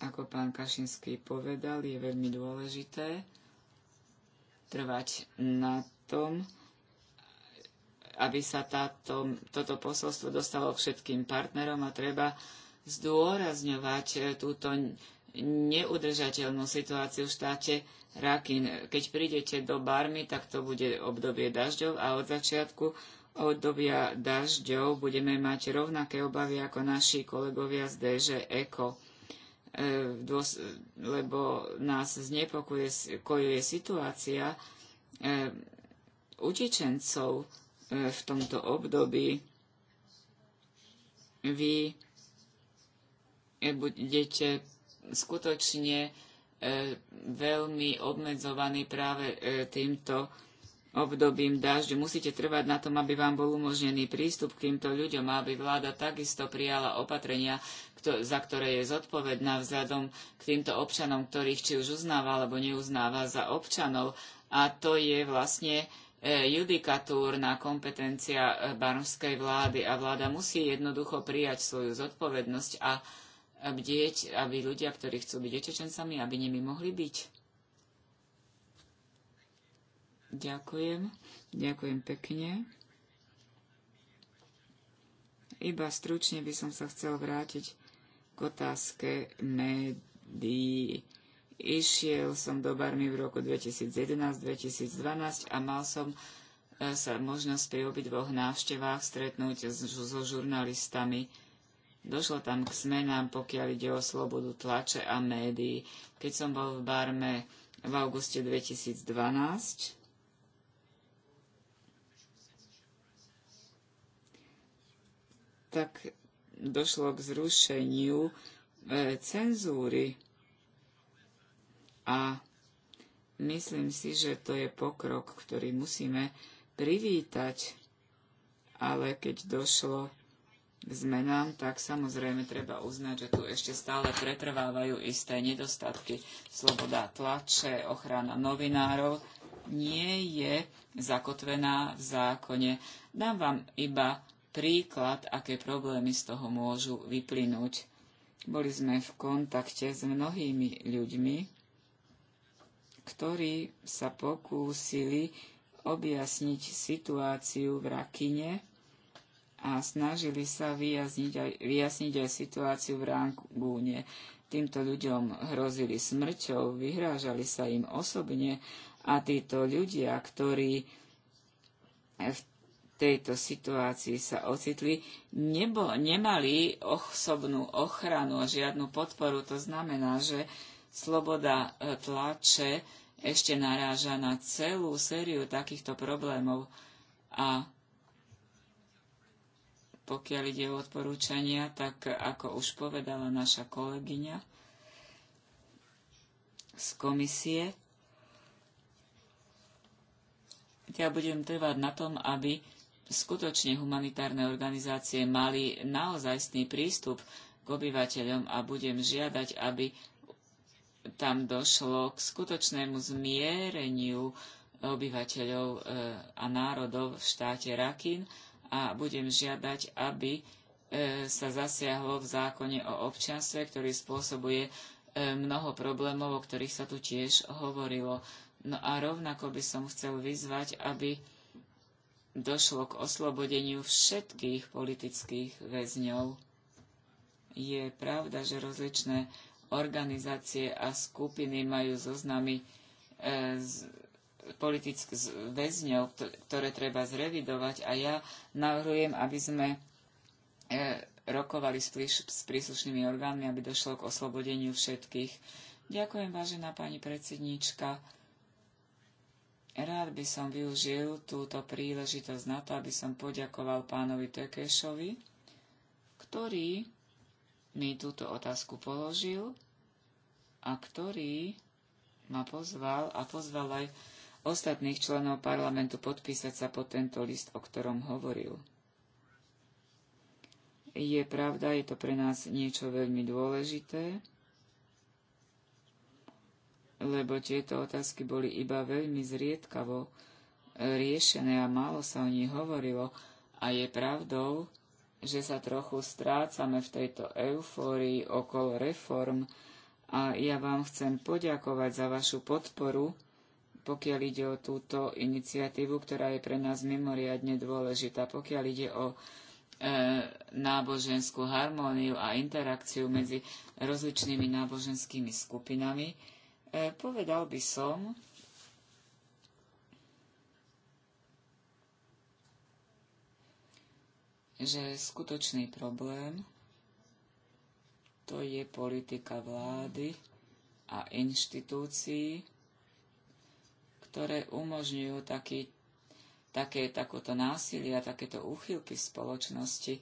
Ako pán Kašinský povedal, je veľmi dôležité trvať na tom, aby sa táto, toto posolstvo dostalo všetkým partnerom a treba zdôrazňovať túto neudržateľnú situáciu v štáte rakin. Keď prídete do Barmy, tak to bude obdobie dažďov a od začiatku obdobia dažďov budeme mať rovnaké obavy ako naši kolegovia z DŽ Eko, e, lebo nás znepokojuje situácia e, utečencov e, v tomto období. Vy budete skutočne E, veľmi obmedzovaní práve e, týmto obdobím dažďu. Musíte trvať na tom, aby vám bol umožnený prístup k týmto ľuďom a aby vláda takisto prijala opatrenia, za ktoré je zodpovedná vzhľadom k týmto občanom, ktorých či už uznáva alebo neuznáva za občanov. A to je vlastne e, judikatúrna kompetencia barmskej vlády a vláda musí jednoducho prijať svoju zodpovednosť a aby, dieť, aby ľudia, ktorí chcú byť otečencami, aby nimi mohli byť. Ďakujem. Ďakujem pekne. Iba stručne by som sa chcel vrátiť k otázke médií. Išiel som do Barmy v roku 2011-2012 a mal som e, sa možnosť pri obidvoch návštevách stretnúť so žurnalistami Došlo tam k zmenám, pokiaľ ide o slobodu tlače a médií. Keď som bol v Barme v auguste 2012, tak došlo k zrušeniu e, cenzúry. A myslím si, že to je pokrok, ktorý musíme privítať. Ale keď došlo zmenám, tak samozrejme treba uznať, že tu ešte stále pretrvávajú isté nedostatky. Sloboda tlače, ochrana novinárov nie je zakotvená v zákone. Dám vám iba príklad, aké problémy z toho môžu vyplynúť. Boli sme v kontakte s mnohými ľuďmi, ktorí sa pokúsili objasniť situáciu v Rakine, a snažili sa vyjasniť aj, vyjasniť aj situáciu v Rangúne. Týmto ľuďom hrozili smrťou, vyhrážali sa im osobne a títo ľudia, ktorí v tejto situácii sa ocitli, nebo, nemali osobnú ochranu a žiadnu podporu. To znamená, že sloboda e, tlače ešte naráža na celú sériu takýchto problémov a pokiaľ ide o odporúčania, tak ako už povedala naša kolegyňa z komisie, ja budem trvať na tom, aby skutočne humanitárne organizácie mali naozajstný prístup k obyvateľom a budem žiadať, aby tam došlo k skutočnému zmiereniu obyvateľov e, a národov v štáte Rakin a budem žiadať, aby e, sa zasiahlo v zákone o občianstve, ktorý spôsobuje e, mnoho problémov, o ktorých sa tu tiež hovorilo. No a rovnako by som chcel vyzvať, aby došlo k oslobodeniu všetkých politických väzňov. Je pravda, že rozličné organizácie a skupiny majú zoznamy e, politických väzňov, ktoré treba zrevidovať a ja navrhujem, aby sme e, rokovali s príslušnými orgánmi, aby došlo k oslobodeniu všetkých. Ďakujem, vážená pani predsedníčka. Rád by som využil túto príležitosť na to, aby som poďakoval pánovi Tekešovi, ktorý mi túto otázku položil a ktorý ma pozval a pozval aj ostatných členov parlamentu podpísať sa pod tento list, o ktorom hovoril. Je pravda, je to pre nás niečo veľmi dôležité, lebo tieto otázky boli iba veľmi zriedkavo e, riešené a málo sa o nich hovorilo. A je pravdou, že sa trochu strácame v tejto eufórii okolo reform a ja vám chcem poďakovať za vašu podporu pokiaľ ide o túto iniciatívu, ktorá je pre nás mimoriadne dôležitá. Pokiaľ ide o e, náboženskú harmóniu a interakciu medzi rozličnými náboženskými skupinami, e, povedal by som, že skutočný problém to je politika vlády a inštitúcií, ktoré umožňujú taký, také, takúto násilie a takéto úchylky v spoločnosti.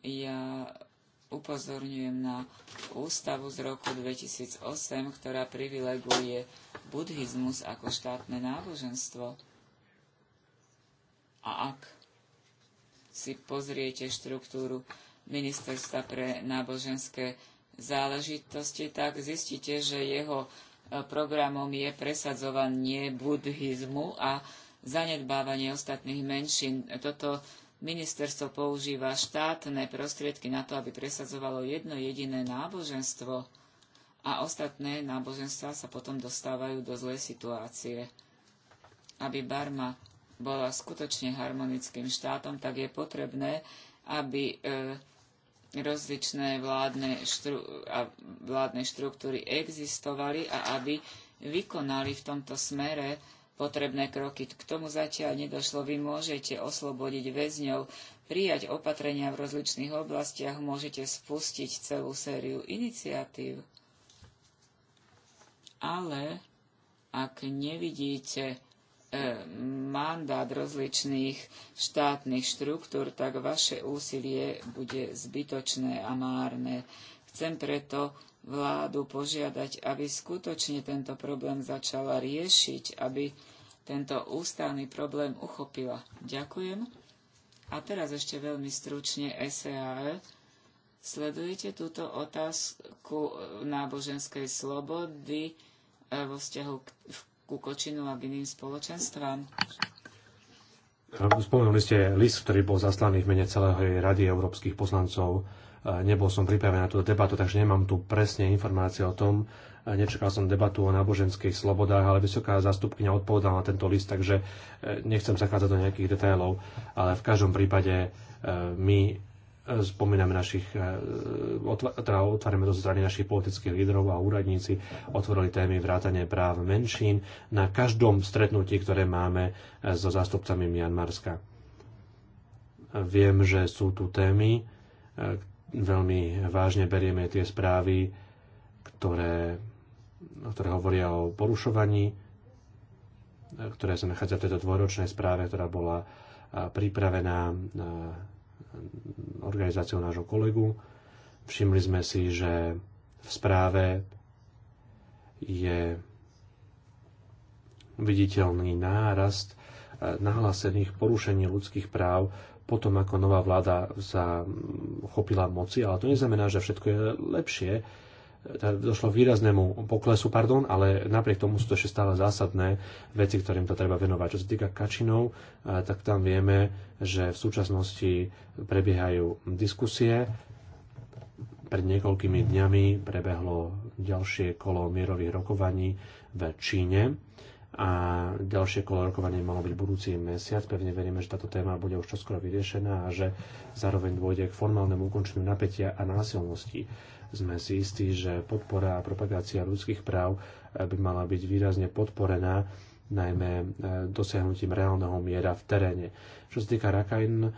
Ja upozorňujem na ústavu z roku 2008, ktorá privileguje buddhizmus ako štátne náboženstvo. A ak si pozriete štruktúru Ministerstva pre náboženské záležitosti, tak zistíte, že jeho programom je presadzovanie buddhizmu a zanedbávanie ostatných menšín. Toto ministerstvo používa štátne prostriedky na to, aby presadzovalo jedno jediné náboženstvo a ostatné náboženstvá sa potom dostávajú do zlej situácie. Aby Barma bola skutočne harmonickým štátom, tak je potrebné, aby e, rozličné vládne štru- a vládne štruktúry existovali a aby vykonali v tomto smere potrebné kroky. K tomu zatiaľ nedošlo. Vy môžete oslobodiť väzňov, prijať opatrenia v rozličných oblastiach, môžete spustiť celú sériu iniciatív. Ale ak nevidíte E, mandát rozličných štátnych štruktúr, tak vaše úsilie bude zbytočné a márne. Chcem preto vládu požiadať, aby skutočne tento problém začala riešiť, aby tento ústavný problém uchopila. Ďakujem. A teraz ešte veľmi stručne SEAE. E. Sledujete túto otázku náboženskej slobody e, vo vzťahu k, ku kočinu a k iným spoločenstvám. Spomenuli ste list, ktorý bol zaslaný v mene celého Rady európskych poslancov. Nebol som pripravený na túto debatu, takže nemám tu presne informácie o tom. Nečakal som debatu o náboženských slobodách, ale vysoká zastupkynia odpovedala na tento list, takže eh, nechcem zachádzať do nejakých detailov. Ale v každom prípade eh, my spomíname našich, e, teda otvárame to zo strany našich politických lídrov a úradníci otvorili témy vrátanie práv menšín na každom stretnutí, ktoré máme e, so zástupcami Mianmarska. Viem, že sú tu témy, e, veľmi vážne berieme tie správy, ktoré, ktoré hovoria o porušovaní, ktoré sa nachádza v tejto dvoročnej správe, ktorá bola pripravená organizáciou nášho kolegu. Všimli sme si, že v správe je viditeľný nárast e, nahlásených porušení ľudských práv potom, ako nová vláda sa mm, chopila moci, ale to neznamená, že všetko je lepšie došlo k výraznému poklesu, pardon, ale napriek tomu sú to ešte stále zásadné veci, ktorým to treba venovať. Čo sa týka kačinov, tak tam vieme, že v súčasnosti prebiehajú diskusie. Pred niekoľkými dňami prebehlo ďalšie kolo mierových rokovaní v Číne a ďalšie kolo rokovanie malo byť budúci mesiac. Pevne veríme, že táto téma bude už čoskoro vyriešená a že zároveň dôjde k formálnemu ukončeniu napätia a násilností sme si istí, že podpora a propagácia ľudských práv eh, by mala byť výrazne podporená najmä e, dosiahnutím reálneho miera v teréne. Čo sa týka Rakajnov,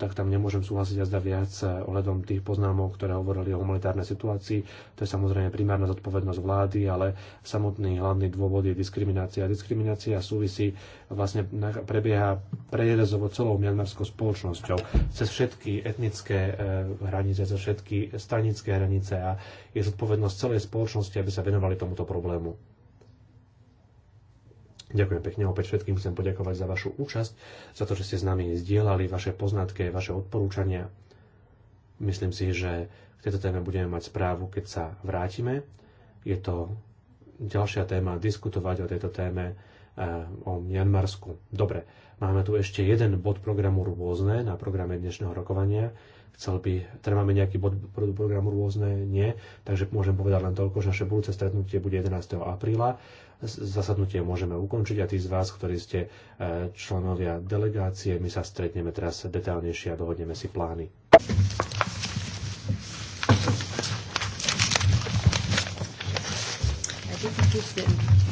tak tam nemôžem súhlasiť jazda viac e, ohľadom tých poznámok, ktoré hovorili o humanitárnej situácii. To je samozrejme primárna zodpovednosť vlády, ale samotný hlavný dôvod je diskriminácia. Diskriminácia súvisí, vlastne prebieha prejerezovo celou mianmarskou spoločnosťou cez všetky etnické e, hranice, cez všetky stanické hranice a je zodpovednosť celej spoločnosti, aby sa venovali tomuto problému. Ďakujem pekne opäť všetkým, chcem poďakovať za vašu účasť, za to, že ste s nami zdieľali vaše poznatky, vaše odporúčania. Myslím si, že k tejto téme budeme mať správu, keď sa vrátime. Je to ďalšia téma diskutovať o tejto téme eh, o Mianmarsku. Dobre, máme tu ešte jeden bod programu rôzne na programe dnešného rokovania chcel by, teda máme nejaký bod programu rôzne, nie, takže môžem povedať len toľko, že naše budúce stretnutie bude 11. apríla Zasadnutie môžeme ukončiť a tí z vás, ktorí ste e, členovia delegácie, my sa stretneme teraz detálnejšie a dohodneme si plány. I didn't